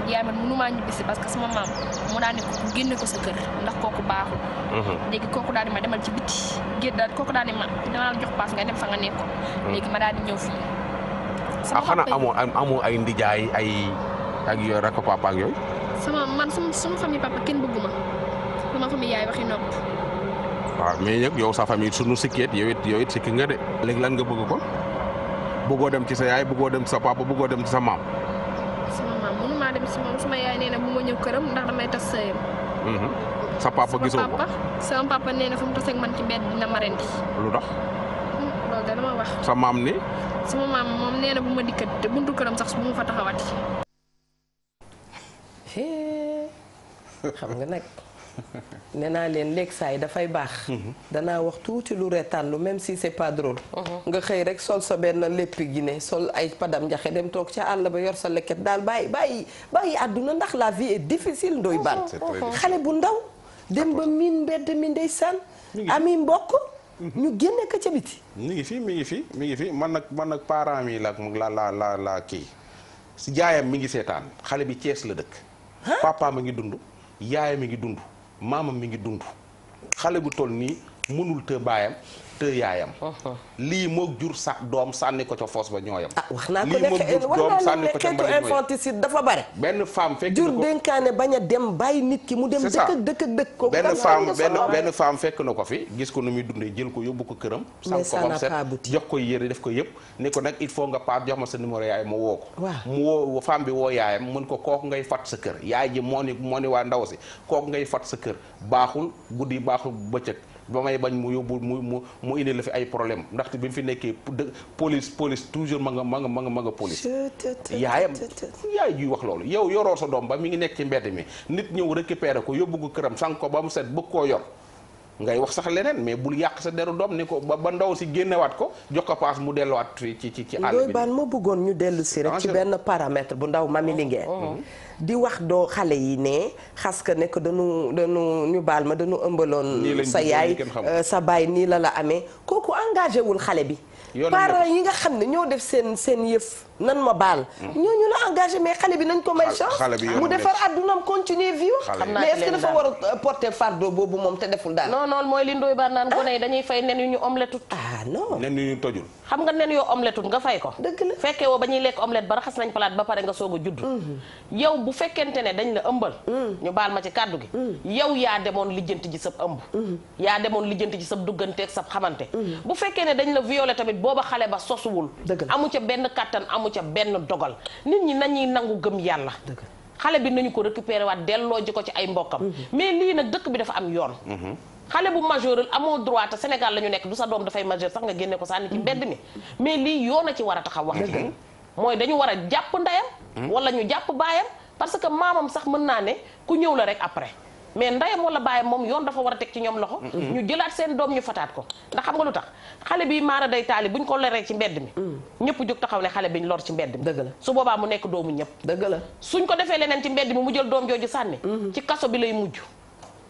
yaay man mënumaa ñibbisi parce que sama maam mu daan ne ko génne ko sa kër ndax kooku baaxul. Mhm. léegi kooku daal di ma demal ci biti génn daal kooku daal di ma danaa jox paas nga dem fa nga nekkoon. Mhm. léegi ma sama ah, xanaa amoo amoo ay ndijaay ay ak yooyu rakk papa ak yooyu. famille yaay waxi waaw ah, mais yow sa famille sunu sikkeet yow it yow it sikki nga de. léegi lan nga bëgg ko bëggoo dem ci sa yaay buggoo dem ci sa papa buggoo dem ci sa maam. maanaam mënu maa dem si moom suma yaay nee na bu ma ñëw këram ndax damay tas sëyam mhm. sa papa gisoo ko sama papa nee na mu taseeg man ci mbedd dina ma lu tax hmm, loolu dana ma sa maam ni sama maam moom nee bu ma dikkat te buntu këram sax bu ma fa taxawati xam nga nag <laughs> nee naa leen léeg saa yi dafay baax. Mhm. danaa wax tuuti lu reetaan lu même si c'est pas drôle. Mhm. nga xëy rek sol sa benn léppi Guinée sol ay padam njaxe dem toog ca àll ba yor sa lekket daal bàyyi bàyyi bàyyi àdduna ndax la vie est difficile ndoy mhm. baan xale bu ndaw dem ba miin mbedd mi ndeysaan ami mbokk. ñu génne ko mi ngi fi mi ngi fii mi ngi fi man nag man nag parents yi la la la la la kii si jaayam mi ngi seetaan xale bi Cees la dëkk. papa ma ngi dund yaayam mi ngi dund. maamam mi ngi dund xale bu toll nii mënul te baayam të yaayam. Oh, oh. lii moog jur sa doom sànni ko ca foos ba ñooyam. ah wax naa ko nekk wax naa ne xeetu infanticide dafa ba benn femme fekk na ko jur dénkaane bañ a dem bàyyi nit ki mu dem. dëkk ak dëkk ak dëkk. kooku benn benn benn femme fekk na ko fi gis ko nu muy dundee jël ko yóbbu ko këram. mais ça jox ko yére def ko yëpp. ne ko nag il faut nga paas jox ma sa numéro yaay ma woo ko. waaw mu woo femme bi woo ko kooku ngay fat sa kër yaay ji moo ni moo ni waa ndaw si kook ngay fat sa kër baaxul guddi baaxul bëccëg ba may bañ mu yóbbu mu mu mu indi la fi ay problème ndaxte bi mu fi nekkee police police toujours ma nga ma nga ma nga ma nga police yaayam yaay juy wax loolu yow yoroo sa doom ba mi ngi nekk ci mbedd mi nit ñëw récupéré ko yóbbu ko këram sànq ko ba mu set bëgg koo yor ngay wax sax leneen mais bul yàq sa deru doom ni ko ba ndaw si génnewaat ko jox ko paas mu delluwaat ci ci ci àll bi baan ma bëggoon ñu dellu si rek ah, ci benn paramètre bu ndaw mami ah. Linguère oh. mm-hmm. di wax doo xale yi ne xas ka nekk dañu dañu ñu baal ma dañu ëmbaloon sa yaay euh, sa baay nii la la amee kooku engagé wul xale bi parents yi nga xam ne ñoo def seen seen yëf nan ma baal. ñooñu la engagé mais xale bi nañ ko may chance. mu defar àddunam continuer vivre. mais est-ce que dafa war a porter fardeau boobu moom te deful daal. non non mooy li Ndoye Bane naan gone yi ah. dañuy fay nen yu ñu omletut. ah non nen yu ñu tojul. xam nga nen yoo omletut nga fay ko. dëgg la fekkee woo ba ñuy lekk omelette ba raxas nañ palaat ba pare nga soog a judd. Mm-hmm. yow bu fekkente ne dañ la ëmbal. Mm. ñu baal ma ci kàddu gi. Mm. yow yaa demoon lijjanti ji sab ëmb. Mm-hmm. yaa demoon lijjanti ji sab dugganteeg sab xamante. Mm-hmm. bu fekkee ne dañ la violé tamit booba xale ba sosuwul amu ca benn kàttan amu ca benn dogal nit ñi nañuy nangu gëm yàlla xale bi nañu ko récupérer waat delloo ji ko ci ay mbokkam mhm. mais lii nag dëkk bi dafa am yoon mhm. xale bu majeurul amoo droit te Sénégal la ñu nekk du sa doom dafay majeur sax nga génne ko sànni ci mhm. mbedd mi mais lii yoon a ci war a taxaw wax mooy dañu war a jàpp ndeyam wala ñu jàpp baayam parce que maamam sax mën naa ne ku ñëw la rek après mais ndeyam wala bàyyam moom yoon dafa war a teg ci ñoom loxo mm-hmm. ñu jëlaat seen doom ñu fataat ko ndax xam nga lu tax xale bi maana day taali buñ ko loree ci mbedd mi mm. ñëpp jóg taxaw ne xale biñ lor ci mbedd mi dëgg la su boobaa mu nekk doomu ñëpp dëgg la suñ ko defee leneen ci mbedd mi mu jël doom jooju sànni mm-hmm. ci kaso bi lay mujj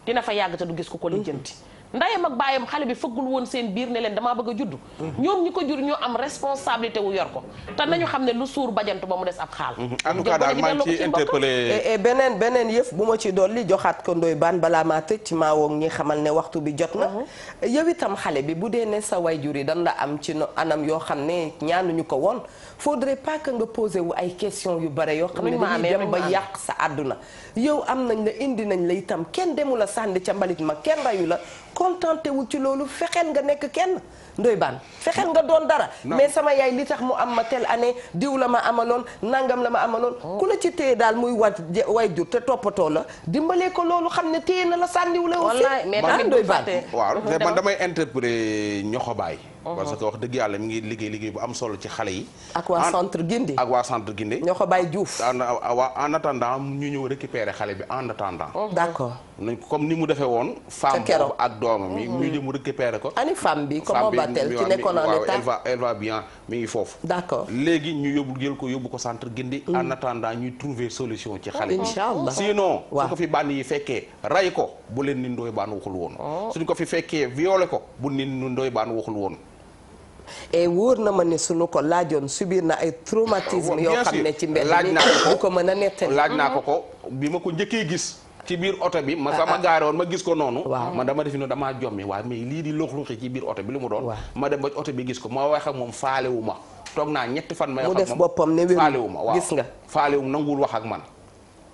dina fa yàgg te du gis ku ko lijjanti mm-hmm. ndayam ak baayam xale bi fëggul woon seen biir ne leen damaa bëgg a judd ñoom ñi ko jur ñoo am responsabilité wu yor ko te nañu xam ne lu suur bajantu ba mu des ab xaal en tout cas daal maa ngi ci beneen beneen yëf bu ma ci dolli joxaat ko ndoy baan balaa maa tëj ci maa woog ñi xamal ne waxtu bi jot na mhm. yow itam xale bi bu dee ne sa way jur yi dan la am ci anam yoo xam ne ñaanuñu ko woon faudrait pas que nga posé wu ay question yu bare yoo xam ne dañuy dem ba yàq sa àdduna yow am nañ la indi nañ la itam kenn demu la ca mbalit ma kenn rayu la contenté wu ci loolu fexeel nga nekk kenn ndoy fexeel nga doon dara mais sama yaay li tax mu am ma tel année diw la ma amaloon nangam la ma amaloon oh. ku la ci téye daal muy wat way jur te toppatoo la dimbalee ko loolu xam ne téye na la sànniwu la aussi ah, ndoy baan waaw man damay interpréter ñoxobaay parce que wax dëgg yàlla mi ngi liggéey liggéey bu am solo ci xale yi. ak waa centre Guindé ak waa centre Guindé. ñoo ko bàyyi Diouf en attendant ñu ñëw récupérer xale bi en attendant. d'accord nañ comme ni mu defee woon. femme boobu ak doomam yi ñu dem récupérer ko. ani femme bi comment va-t-elle qui nekkoon en état elle va bien mi ngi foofu. d'accord léegi ñu yóbbu jël ko yóbbu ko centre Guindé. Mm. en attendant ñuy trouver solution ci xale yi. inchallah sinon. su ko fi bànn yi fekkee ray ko bu leen ni ndooy baan waxul woon. Oh. ko fi fekkee violé ko bu leen ni waxul woon et wóor na ma ni suñu ko laajoon biir na ay traumatisme yoo xam ne ci mbedd mi bu ko mën a nettali laaj naa ko ko bi ma ko njëkkee gis ci biir oto bi ma sama gaare woon ma gis ko noonu ma dama defi noonu damaa jommi waaye mais lii di loxluxi ci biir oto bi lu mu doon ma dem ba ci bi gis ko ma wax ak moom faalewu ma toog naa ñetti fan may wax ak moom faalewu ma waaw gis nga faalewum nanguwul wax ak man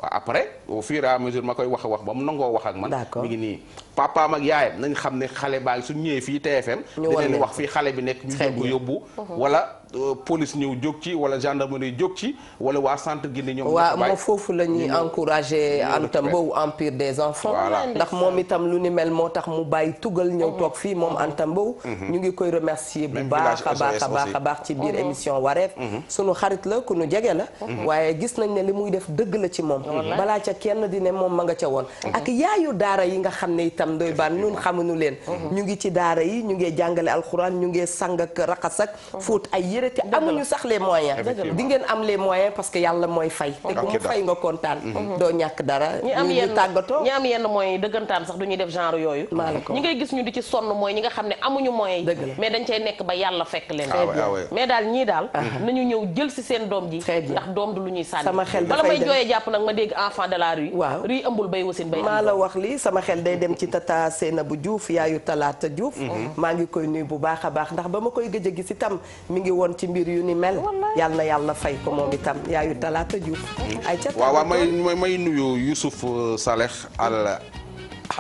après au fur et à mesure ma koy wax wax ba mu nangoo wax ak man. mi ngi nii papaam ak yaayam nañ xam ne xale baa ngi suñu ñëwee fii TFM. ñu dinañ wax fii xale bi nekk ñu bu yóbbu. Uh-huh. wala Euh, police ñëw jóg ci wala gendarmerie jóg ci wala waa centre Guinée ñoom waaw moom foofu la ñuy encouragé Anta Mbow empire des enfants ndax moom itam lu ni mel moo tax mu bàyyi tugal ñëw toog fii moom mhm. Anta Mbow mhm. ñu ngi koy remercier bu baax a baax a baax baax ci biir mhm. émission wareef sunu xarit la ku nu jege la waaye gis nañ ne li muy def dëgg la ci moom balaa ca kenn di ne moom ma nga ca woon ak yaayu daara yi nga xam ne itam ndoy baan ñun xamuñu leen ñu ngi ci daara yi ñu ngi jàngale alxuraan ñu ngi sang ak yére te amuñu sax les moyens di ngeen am les moyens parce que yàlla mooy fay te ku mu fay nga kontaan mhm. Mhm. doo ñàkk dara ñi am yenn tàggatoo ñi am yenn moyens dëggantaan sax du ñuy def genre yooyu ñi ngay gis ñu di ci sonn mooy ñi nga xam ne amuñu moyens yi mais dañ cay nekk ba yàlla fekk leen ah ah mais daal ñii daal ah. nañu ñëw jël si seen doom ji ndax doom du lu ñuy sànni sama xel bala may jooyee jàpp nag ma dégg enfant de la rue waaw rue la wax xel day dem ci tata Seynabou Diouf yaayu Talaata Diouf mhm. maa ngi koy nuyu a baax ba ma koy a nekkoon ci mbir yu ni mel yàlla na yàlla fay ko moom itam yaayu talaata Diouf mm. ay ca may may nuyu Youssouf euh, Saleh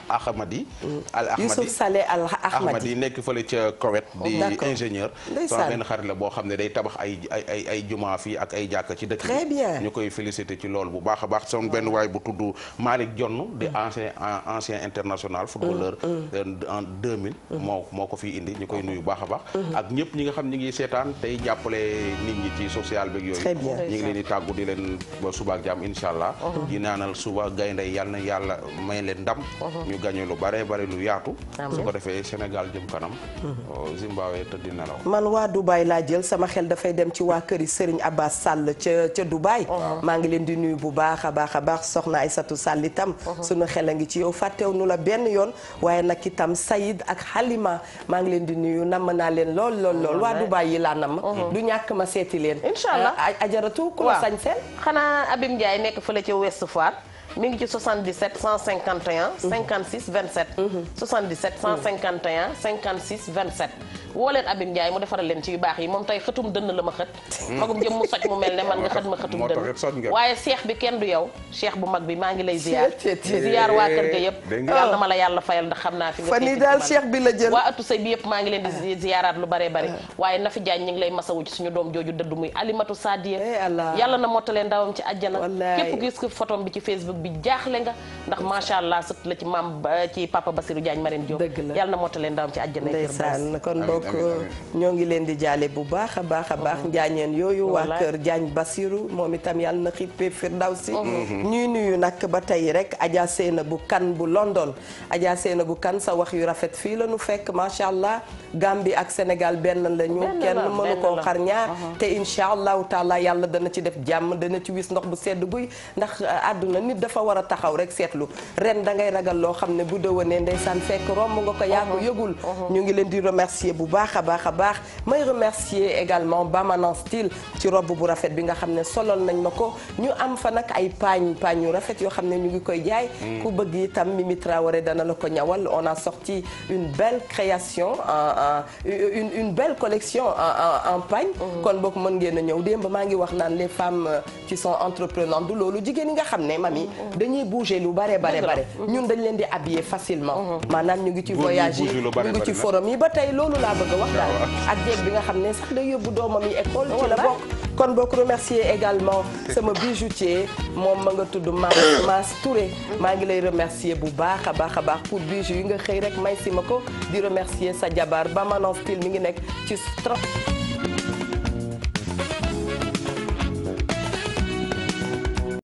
Ahmadi. Mm. al Ahmadi Youssouf Saleh al Ahmadi nekk fële ca Koweït. di ingénieur. sama benn xarit la boo xam ne day tabax ay ay ay jumaa fii ak ay jàkka ci dëkk bi. ñu koy félicité ci lool bu baax a baax sama benn waay bu tudd Malick jonn di mm. ancien ancien international. Mm. footballeur euh, en 2000. moo moo ko fi indi ñu koy nuyu baax a baax. ak ñëpp ñi nga xam ñi ngi seetaan tey jàppale nit ñi ci social beeg yooyu. ñi ngi leen di tàggu di leen ba suba ak jàmm incha allah. di naanal suba gaynde yàlla na yàlla may leen ndam. ñu gagné lu bare bare lu yaatu. su ko defee Sénégal jëm kanam. Mhm. Oh, Zimbabwe tëdd nelaw. man waa Dubaay laa jël sama xel dafay dem ci waa këri Serigne Abbas sàll ca ca Dubaay. Oh. maa ngi leen di nuyu bu baax a baax a baax soxna Aysatu Sall itam. Oh. suñu xel a ngi ci yow fàttewu nu la benn yoon waaye nag itam Sayid ak Halima maa ngi leen di nuyu namm naa leen lool lool lool waa Dubaay yi laa namm. du ñàkk ma seeti leen. incha allah euh, ajaratu ku la sañ xanaa Abim Ndiaye nekk fële ca mi ngi ci 77 151. 56 27. 77 151 56 27. woo leen Abim Ndiaye mu defaral leen ci yu baax yi moom tey xëtum dënn la ma xët. magum jëm mu soj mu mel ne man nga xët ma xëtum dënn waaye seex bi kenn du yow. seex bu mag bi maa ngi lay ziyaar. waa kër ga yëpp. la yàlla fayal naa fi nga. fan yii maa ngi leen di ah. ziyaaraat lu bare bare. Ah. waaye Nafi lay masawu ci suñu doom jooju dëdd muy Alimatu Sadiya. Eh yàlla na mottalee ndawam ci àjjana. képp gis ko photom bi ci bi jaaxle nga ndax macha allah sët la ci maam ci papa Basirou Diagne Marène Diop yàlla na moota leen ndawam ci àjjana ndeysaan kon bokk ñoo ngi leen di jaale bu baax a baax a baax njaañeen yooyu waa kër Diagne Basirou moom itam yàlla na xippee firdawsi mhm. ñuy nuyu nag ba tey rek Adja na bu kan bu London Adja na bu kan sa wax yu rafet fii la nu fekk macha allah Gambie ak Sénégal benn la ñu kenn mënu koo xar ñaar mhm. te incha allahu taala yàlla dana ci def jàmm dana ci wis ndox bu sedd guy ndax euh, àdduna nit dafa dafa war a taxaw rek seetlu ren da ngay ragal loo xam ne bu dëwënee saan fekk romb nga ko yaa ko uh-huh. yëgul uh-huh. ñu ngi leen di remercier bu baax a baax a baax may remercier également Bamanan Style ci robb bu rafet bi nga xam ne solol nañ ma ko ñu am fa nag ay paañ paañ yu rafet yoo xam ne ñu ngi koy jaay mm. ku bëgg itam Mimi Traoré dana la ko ñawal on a sorti une belle création une une belle collection en en pagne kon book mën ngeen a ñëw démb maa ngi wax naan les femmes euh, dañuy bouger lu bare bare bare ñun dañ leen di habiller facilement maanaam ñu ngi ci voyage yi ñu ngi ci forum yi ba tey loolu laa bëgg a wax daal ak jeeg bi nga xam ne sax day yóbbu doomam yi école oh, ci la bokk kon bokk remercier également sama bijoutier moom ma nga tudd Mass <coughs> Mass Touré maa ngi lay remercier bu baax a baax a baax pour bijou yi nga xëy rek may si ma ko di remercier sa jabar ba Manon Style mi ngi nekk ci trop